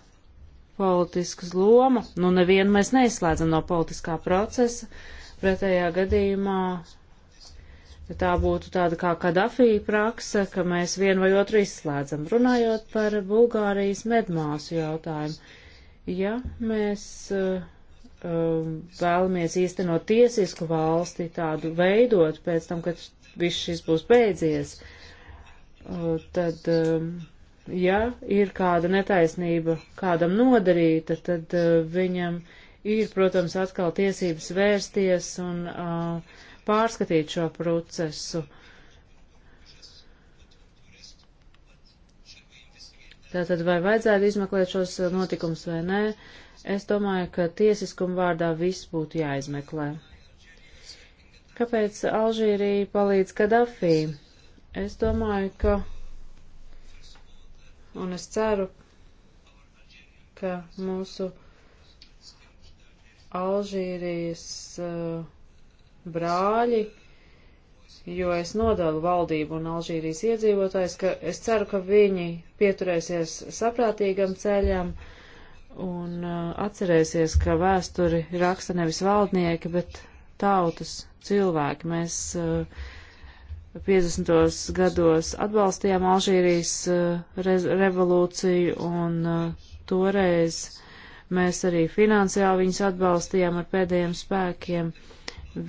politiskas loma? Nu, nevienu mēs neizslēdzam no politiskā procesa, Pretējā gadījumā tā būtu tāda kā Kadafī praksa, ka mēs vienu vai otru izslēdzam. Runājot par Bulgārijas medmāsu jautājumu, ja mēs uh, um, vēlamies īstenot tiesisku valsti, tādu veidot pēc tam, kad viss šis būs beidzies, uh, tad, uh, ja ir kāda netaisnība kādam nodarīta, tad uh, viņam. Uh, ir, protams, atkal tiesības vērsties un uh, pārskatīt šo procesu. Tātad vai vajadzētu izmeklēt šos uh, notikumus vai nē, es domāju, ka tiesiskuma vārdā viss būtu jāizmeklē. Kāpēc Alžīrija palīdz Kadafī? Es domāju, ka, un es ceru, ka mūsu Alžīrijas uh, brāļi, jo es nodalu valdību un Alžīrijas iedzīvotājs, ka es ceru, ka viņi pieturēsies saprātīgam ceļam un uh, atcerēsies, ka vēsturi raksta nevis valdnieki, bet tautas cilvēki. Mēs uh, eh, 50. gados atbalstījām Alžīrijas uh, revolūciju un uh, toreiz Mēs arī finansiāli viņus atbalstījām ar pēdējiem spēkiem.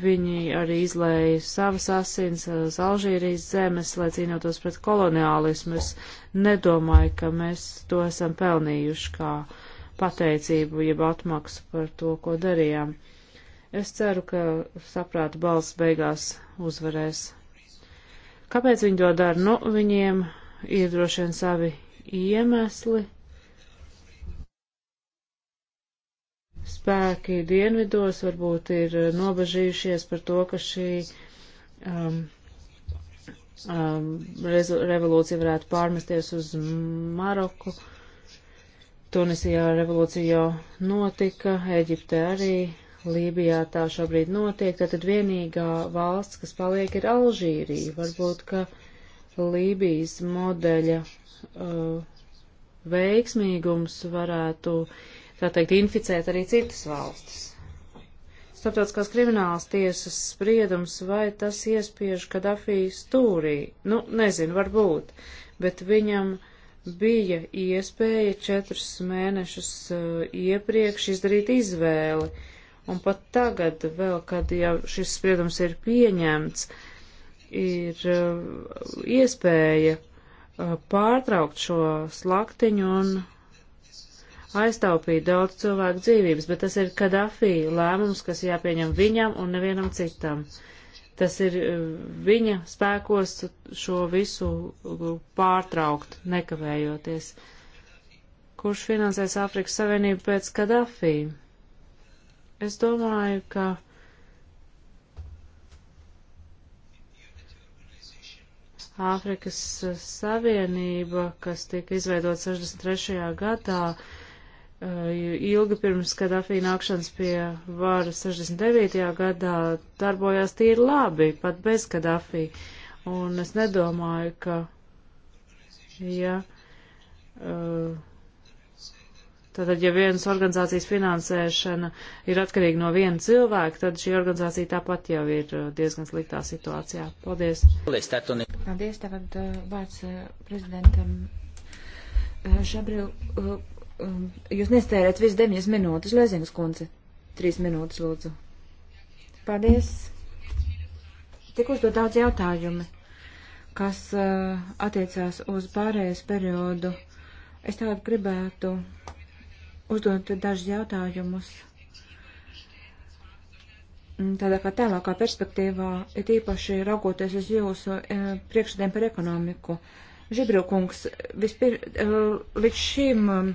Viņi arī izlēja savas asins uz Alžīrijas zemes, lai cīnotos pret koloniālismu. Es nedomāju, ka mēs to esam pelnījuši kā pateicību, jeb atmaksu par to, ko darījām. Es ceru, ka saprāta balss beigās uzvarēs. Kāpēc viņi to dara? Nu, viņiem ir droši vien savi iemesli. spēki dienvidos varbūt ir eh, nobežījušies par to, ka šī um, um, revolūcija varētu pārmesties uz Maroku. Tunisijā revolūcija jau notika, Eģipte arī, Lībijā tā šobrīd notiek. Tātad vienīgā valsts, kas paliek, ir Alžīrija. Varbūt, ka Lībijas modeļa uh, veiksmīgums varētu uh, tā teikt, inficēt arī citas valstis. Starptautiskās kriminālas tiesas spriedums, vai tas iespiež Kadafī stūrī? Nu, nezinu, varbūt, bet viņam bija iespēja četrus mēnešus uh, iepriekš izdarīt izvēli, un pat tagad vēl, kad jau šis spriedums ir pieņemts, ir uh, iespēja uh, pārtraukt šo slaktiņu un aiztaupīt daudz cilvēku dzīvības, bet tas ir Kadafī lēmums, kas jāpieņem viņam un nevienam citam. Tas ir eh, viņa spēkos šo visu eh, pārtraukt, nekavējoties. Kurš finansēs Āfrikas Savienību pēc Kadafī? Es domāju, ka. Āfrikas Savienība, kas tika izveidota 63. gadā, uh, Eh, ilgi pirms Kadafī nākšanas pie varas 69. gadā darbojās tīri labi, pat bez Kadafī. Un es nedomāju, ka, ja, eh, tātad, ja vienas organizācijas finansēšana ir atkarīga no viena cilvēka, tad šī organizācija tāpat jau ir eh, diezgan sliktā situācijā. Paldies. Paldies, tagad vārds prezidentam Žabril Um, jūs nestērēt visu deviņas minūtes, Lezinas kundze. Trīs minūtes, lūdzu. Paldies. Tik uzdot daudz jautājumi, kas uh, attiecās uz pārējais periodu. Es tagad gribētu uzdot dažus jautājumus. Mm, tādā kā tālākā perspektīvā, ir īpaši raugoties uz jūsu uh, priekšstādiem par ekonomiku. Uh, Žibrilkungs, vispir, eh, līdz šim eh,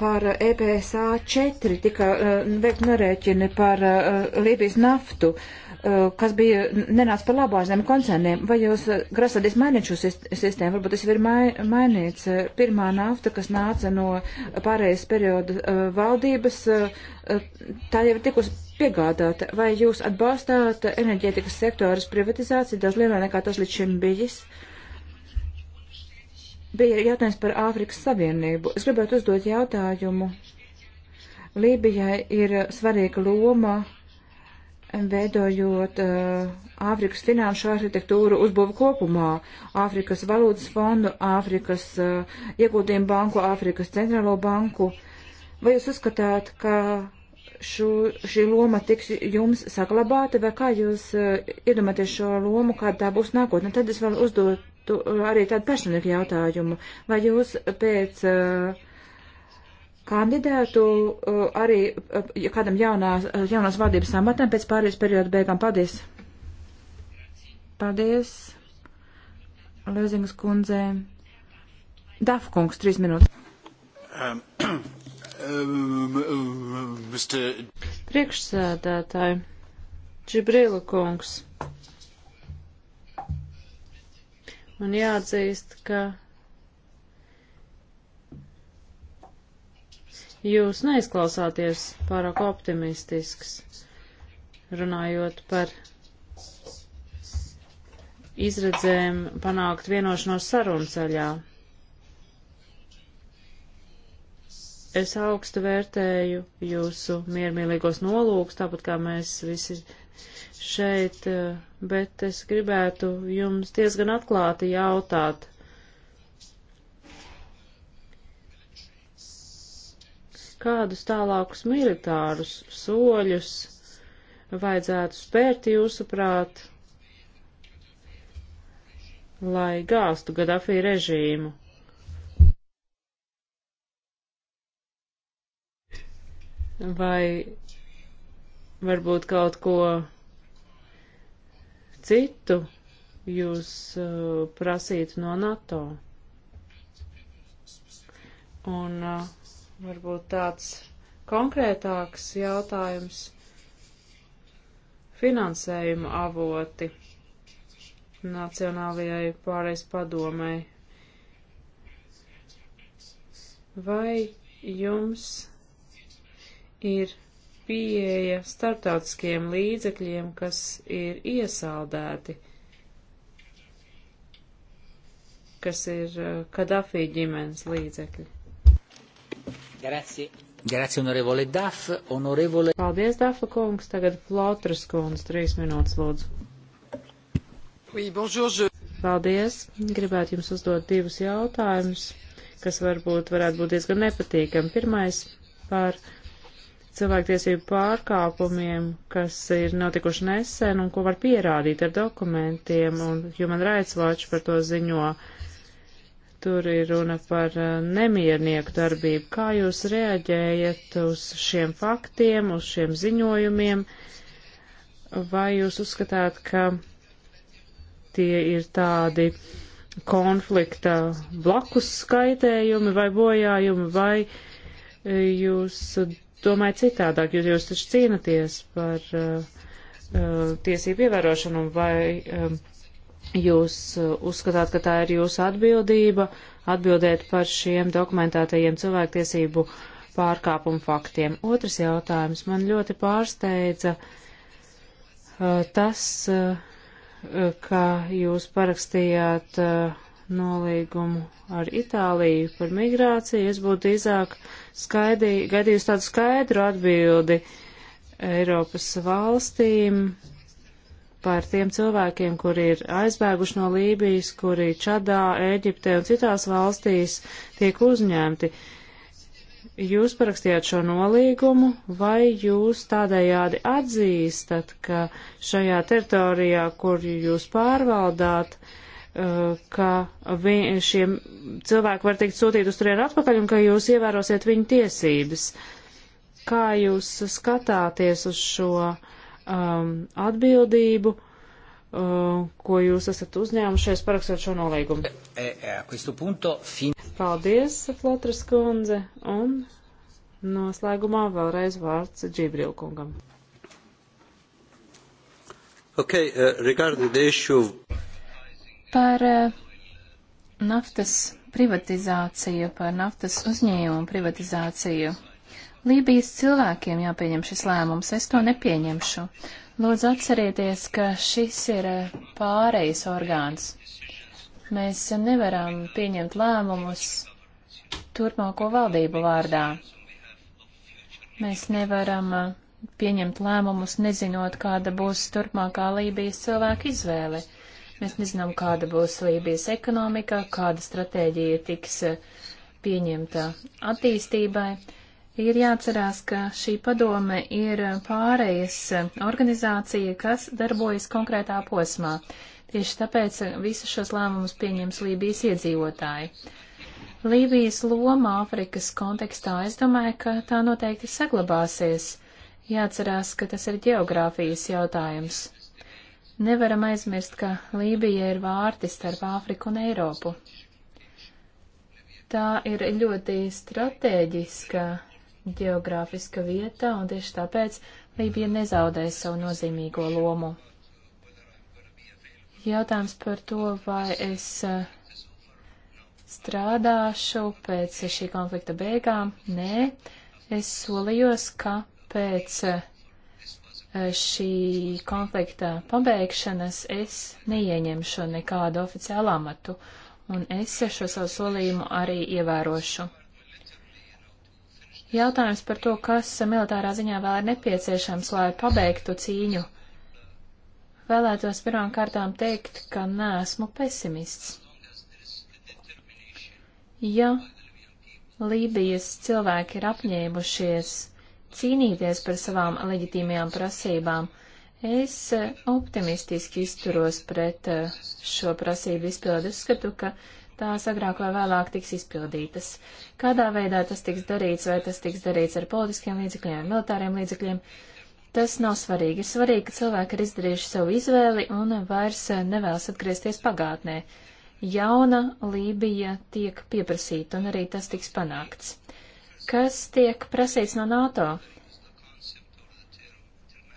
par EPSA 4 tika eh, veikt norēķini par Lībijas naftu, kas bija nenāca par labu ārzemju koncerniem. Vai jūs grasāties mainīt šo sistēmu? Varbūt tas ir mai, mainīts. Pirmā nafta, kas nāca no pārējais perioda valdības, tā jau ir tikusi piegādāt, vai jūs atbalstāt enerģētikas sektoras privatizāciju daudz lielāk nekā tas līdz šim bijis? Bija jautājums par Āfrikas Savienību. Es gribētu uzdot jautājumu. Lībijai ir svarīga loma veidojot uh, Āfrikas finanšu arhitektūru uzbūvu kopumā, Āfrikas valūtas fondu, Āfrikas uh, iegūtījumu banku, Āfrikas centrālo banku. Vai jūs uzskatāt, ka šo, šī loma tiks jums saglabāta, vai kā jūs uh, eh, iedomāties šo lomu, kāda tā būs nākotnē? Tad es vēl uzdotu eh, arī tādu personīgu jautājumu. Vai jūs pēc uh, eh, kandidētu uh, arī uh, kādam jaunās, uh, jaunās vadības amatam pēc pārējais perioda beigām? Paldies! Paldies, Lezingas kundzē. Dafkungs, trīs minūtes. Um. Priekšsēdētāji, Džibrila kungs. Man jāatzīst, ka jūs neizklausāties pārāk optimistisks, runājot par izredzēm panākt vienošanos sarunu ceļā. Es augstu vērtēju jūsu miermīlīgos nolūks, tāpat kā mēs visi šeit, eh, bet es gribētu jums diezgan atklāti jautāt. Kādus tālākus militārus soļus vajadzētu spērt jūsuprāt, lai gāstu Gadafī režīmu? vai varbūt kaut ko citu jūs uh, prasītu no NATO. Un uh, varbūt tāds konkrētāks jautājums - finansējuma avoti Nacionālajai pārējais padomai. Vai jums ir pieeja starptautiskiem līdzekļiem, kas ir iesaldēti, kas ir uh, Kadafī ģimenes līdzekļi. Grazie. Grazie, onorevole Daf, onorevole. Paldies, Dafa kungs. Tagad Flotras kungs, trīs minūtes lūdzu. Oui, bonjour, je... Paldies. Gribētu jums uzdot divus jautājumus, kas varbūt varētu būt diezgan nepatīkami. Pirmais par cilvēktiesību pārkāpumiem, kas ir notikuši nesen un ko var pierādīt ar dokumentiem, un Human Rights Watch par to ziņo. Tur ir runa par eh, nemiernieku darbību. Kā jūs reaģējat uz šiem faktiem, uz šiem ziņojumiem? Vai jūs uzskatāt, ka tie ir tādi konflikta blakus skaitējumi vai bojājumi, vai eh, jūs domāju citādāk, jo jūs taču cīnaties par uh, uh tiesību ievērošanu vai um, jūs uh, uzskatāt, ka tā ir jūsu atbildība atbildēt par šiem dokumentētajiem cilvēktiesību pārkāpumu faktiem. Otrs jautājums man ļoti pārsteidza uh, tas, uh, uh ka jūs parakstījāt uh, nolīgumu ar Itāliju par migrāciju, es būtu īzāk gaidījusi tādu skaidru atbildi Eiropas valstīm par tiem cilvēkiem, kuri ir aizbēguši no Lībijas, kuri Čadā, Ēģiptē un citās valstīs tiek uzņemti. Jūs parakstījāt šo nolīgumu, vai jūs tādējādi atzīstat, ka šajā teritorijā, kur jūs pārvaldāt, uh, Eh, ka vi, šiem cilvēki var tikt sūtīt uz turieni atpakaļ un ka jūs ievērosiet viņu tiesības. Kā jūs skatāties uz šo um, atbildību, um, ko jūs esat uzņēmušies parakstot šo nolīgumu? Eh, Paldies, Flotras kundze, un noslēgumā vēlreiz vārds Džibrilkungam. Okay, uh, regarding the issue of Par eh, naftas privatizāciju, par naftas uzņēmumu privatizāciju. Lībijas cilvēkiem jāpieņem šis lēmums, es to nepieņemšu. Lūdzu atcerieties, ka šis ir eh, pārejas orgāns. Mēs nevaram pieņemt lēmumus turpmāko valdību vārdā. Mēs nevaram eh, pieņemt lēmumus, nezinot, kāda būs turpmākā Lībijas cilvēka izvēle. Mēs nezinām, kāda būs Lībijas ekonomika, kāda stratēģija tiks eh, pieņemta attīstībai. Ir jāatcerās, ka šī padome ir pārējas eh, organizācija, kas darbojas konkrētā posmā. Tieši tāpēc eh, visus šos lēmumus pieņems Lībijas iedzīvotāji. Lībijas loma Āfrikas kontekstā, es domāju, ka tā noteikti saglabāsies. Jāatcerās, ka tas ir geogrāfijas jautājums. Nevaram aizmirst, ka Lībija ir vārti starp Āfriku un Eiropu. Tā ir ļoti strateģiska geogrāfiska vieta, un tieši tāpēc Lībija nezaudē savu nozīmīgo lomu. Jautājums par to, vai es eh, strādāšu pēc šī konflikta beigām. Nē, es solījos, ka pēc eh, Eh, šī konflikta pabeigšanas es neieņemšu nekādu oficiālu amatu, un es šo savu solījumu arī ievērošu. Jautājums par to, kas militārā ziņā vēl ir nepieciešams, lai pabeigtu cīņu, vēlētos pirmām kārtām teikt, ka neesmu pesimists. Ja Lībijas cilvēki ir apņēmušies cīnīties par savām leģitīmajām prasībām. Es eh, optimistiski izturos pret eh, šo prasību izpildu. Es skatu, ka tās agrāk vai vēlāk tiks izpildītas. Kādā veidā tas tiks darīts, vai tas tiks darīts ar politiskiem līdzekļiem, vai militāriem līdzekļiem, tas nav svarīgi. Ir svarīgi, ka cilvēki ir izdarījuši savu izvēli un vairs eh, nevēlas atgriezties pagātnē. Jauna Lībija tiek pieprasīta, un arī tas tiks panākts kas tiek prasīts no NATO.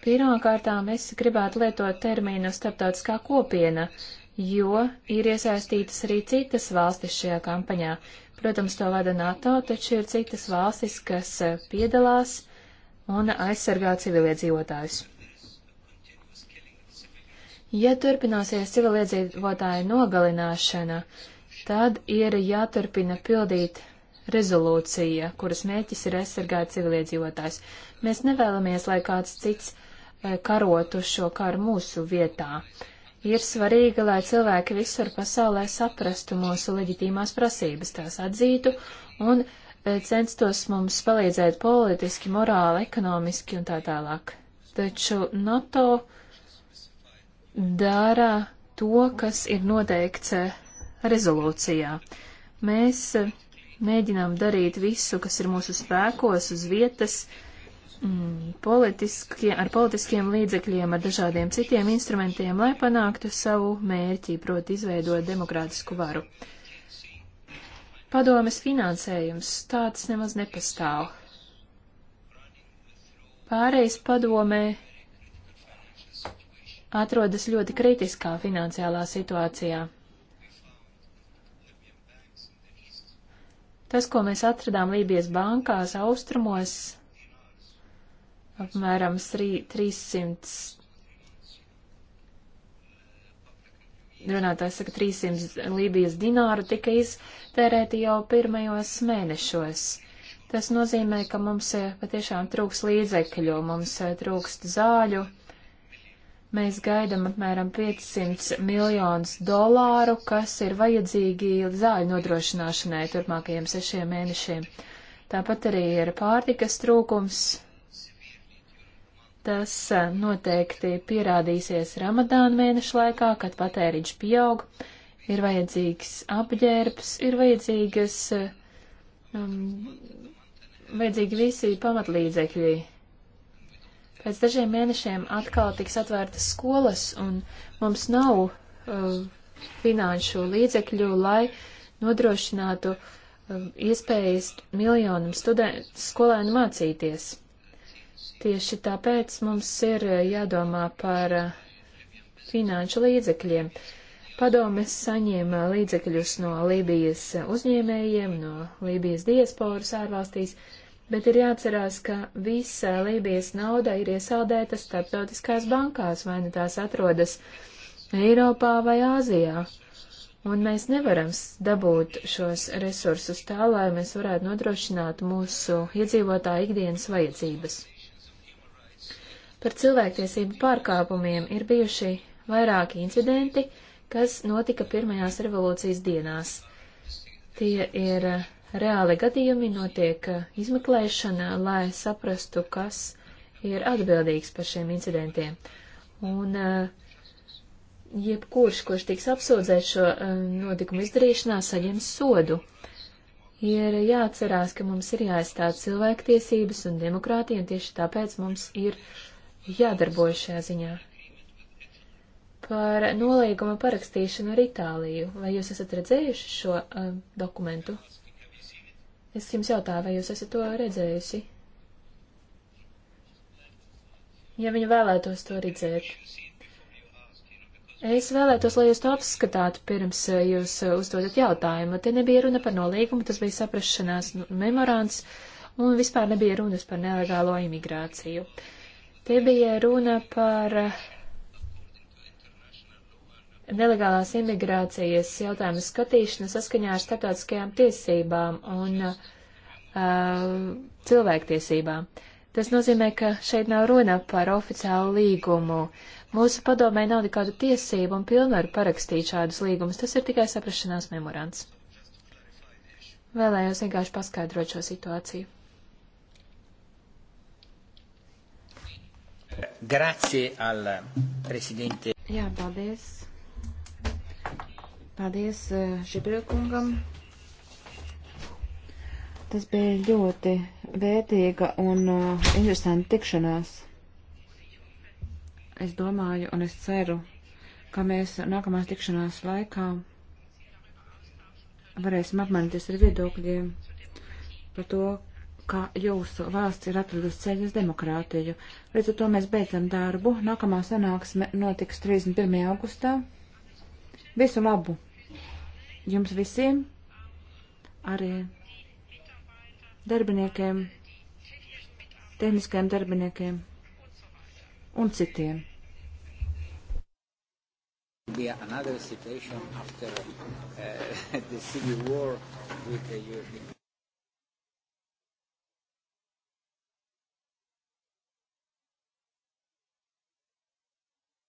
Pirmkārtām es gribētu lietot termīnu starptautiskā kopiena, jo ir iesaistītas arī citas valstis šajā kampaņā. Protams, to vada NATO, taču ir citas valstis, kas eh, piedalās un aizsargā civiliedzīvotājus. Ja turpināsies civiliedzīvotāju nogalināšana, tad ir jāturpina pildīt rezolūcija, kuras mēķis ir aizsargāt civiliedzīvotājs. Mēs nevēlamies, lai kāds cits eh, karotu šo karu mūsu vietā. Ir svarīgi, lai cilvēki visur pasaulē saprastu mūsu leģitīmās prasības, tās atzītu un eh, censtos mums palīdzēt politiski, morāli, ekonomiski un tā tālāk. Taču NATO dara to, kas ir noteikts eh, rezolūcijā. Mēs Mēģinām darīt visu, kas ir mūsu spēkos, uz vietas, mm, politiskie, ar politiskiem līdzekļiem, ar dažādiem citiem instrumentiem, lai panāktu savu mērķi, proti izveidot demokrātisku varu. Padomes finansējums tāds nemaz nepastāv. Pārējais padomē atrodas ļoti kritiskā finansiālā situācijā. Tas, ko mēs atradām Lībijas bankās austrumos, apmēram 300. Runātājs saka, 300 Lībijas dināru tika iztērēti jau pirmajos mēnešos. Tas nozīmē, ka mums eh, patiešām trūks līdzekļu, mums eh, trūkst zāļu, Mēs gaidām apmēram 500 miljonus dolāru, kas ir vajadzīgi zāļu nodrošināšanai turpmākajiem sešiem mēnešiem. Tāpat arī ir pārtikas trūkums. Tas eh, noteikti pierādīsies Ramadāna mēneša laikā, kad patēriņš pieaug. Ir vajadzīgs apģērbs, ir vajadzīgas, eh, um, vajadzīgi visi pamatlīdzekļi Pēc dažiem mēnešiem atkal tiks atvērtas skolas, un mums nav uh, finanšu līdzekļu, lai nodrošinātu uh, iespējas miljonam student, skolēnu mācīties. Tieši tāpēc mums ir uh, jādomā par uh, finanšu līdzekļiem. Padomes saņēma līdzekļus no Lībijas uzņēmējiem, no Lībijas diasporas ārvalstīs. Uh, bet ir jāatcerās, ka visa Lībijas nauda ir iesaldēta starptautiskās bankās, vai nu tās atrodas Eiropā vai Āzijā. Un mēs nevaram dabūt šos resursus tā, lai mēs varētu nodrošināt mūsu iedzīvotāju ikdienas vajadzības. Par cilvēktiesību pārkāpumiem ir bijuši vairāki incidenti, kas notika pirmajās revolūcijas dienās. Tie ir reāli gadījumi, notiek eh, izmeklēšana, lai saprastu, kas ir atbildīgs par šiem incidentiem. Un eh, jebkurš, kurš tiks apsūdzēts šo eh, notikumu izdarīšanā, saņems sodu. Ir jāatcerās, ka mums ir jāaizstāv cilvēktiesības un demokrātija, un tieši tāpēc mums ir jādarbojas šajā ziņā. Par nolīguma parakstīšanu ar Itāliju. Vai jūs esat redzējuši šo uh, dokumentu? Es jums jautāju, vai jūs esat to redzējusi? Ja viņa vēlētos to redzēt. Es vēlētos, lai jūs to apskatātu pirms eh, jūs eh, uzdodat jautājumu. Te nebija runa par nolīgumu, tas bija saprašanās memorāns, un vispār nebija runas par nelegālo imigrāciju. Te bija runa par uh, nelegālās imigrācijas jautājumu skatīšana saskaņā ar starptautiskajām tiesībām un uh, cilvēktiesībām. Tas nozīmē, ka šeit nav runa par oficiālu līgumu. Mūsu padomē nav nekādu tiesību un pilnvaru parakstīt šādus līgumus. Tas ir tikai saprašanās memorands. Vēlējos vienkārši paskaidrot šo situāciju. Grazie al presidente. Jā, paldies Paldies eh, Šiprilkungam. Tas bija ļoti vērtīga un uh, interesanta tikšanās. Es domāju un es ceru, ka mēs nākamās tikšanās laikā varēsim apmainīties ar viedokļiem par to, ka jūsu valsts ir atradusi ceļu uz demokrātiju. Līdz ar to mēs beidzam darbu. Nākamā sanāksme notiks 31. augustā. Visu labu! jums visiem, arī darbiniekiem, tehniskajiem darbiniekiem un citiem. Be another situation after uh, the civil war with the European.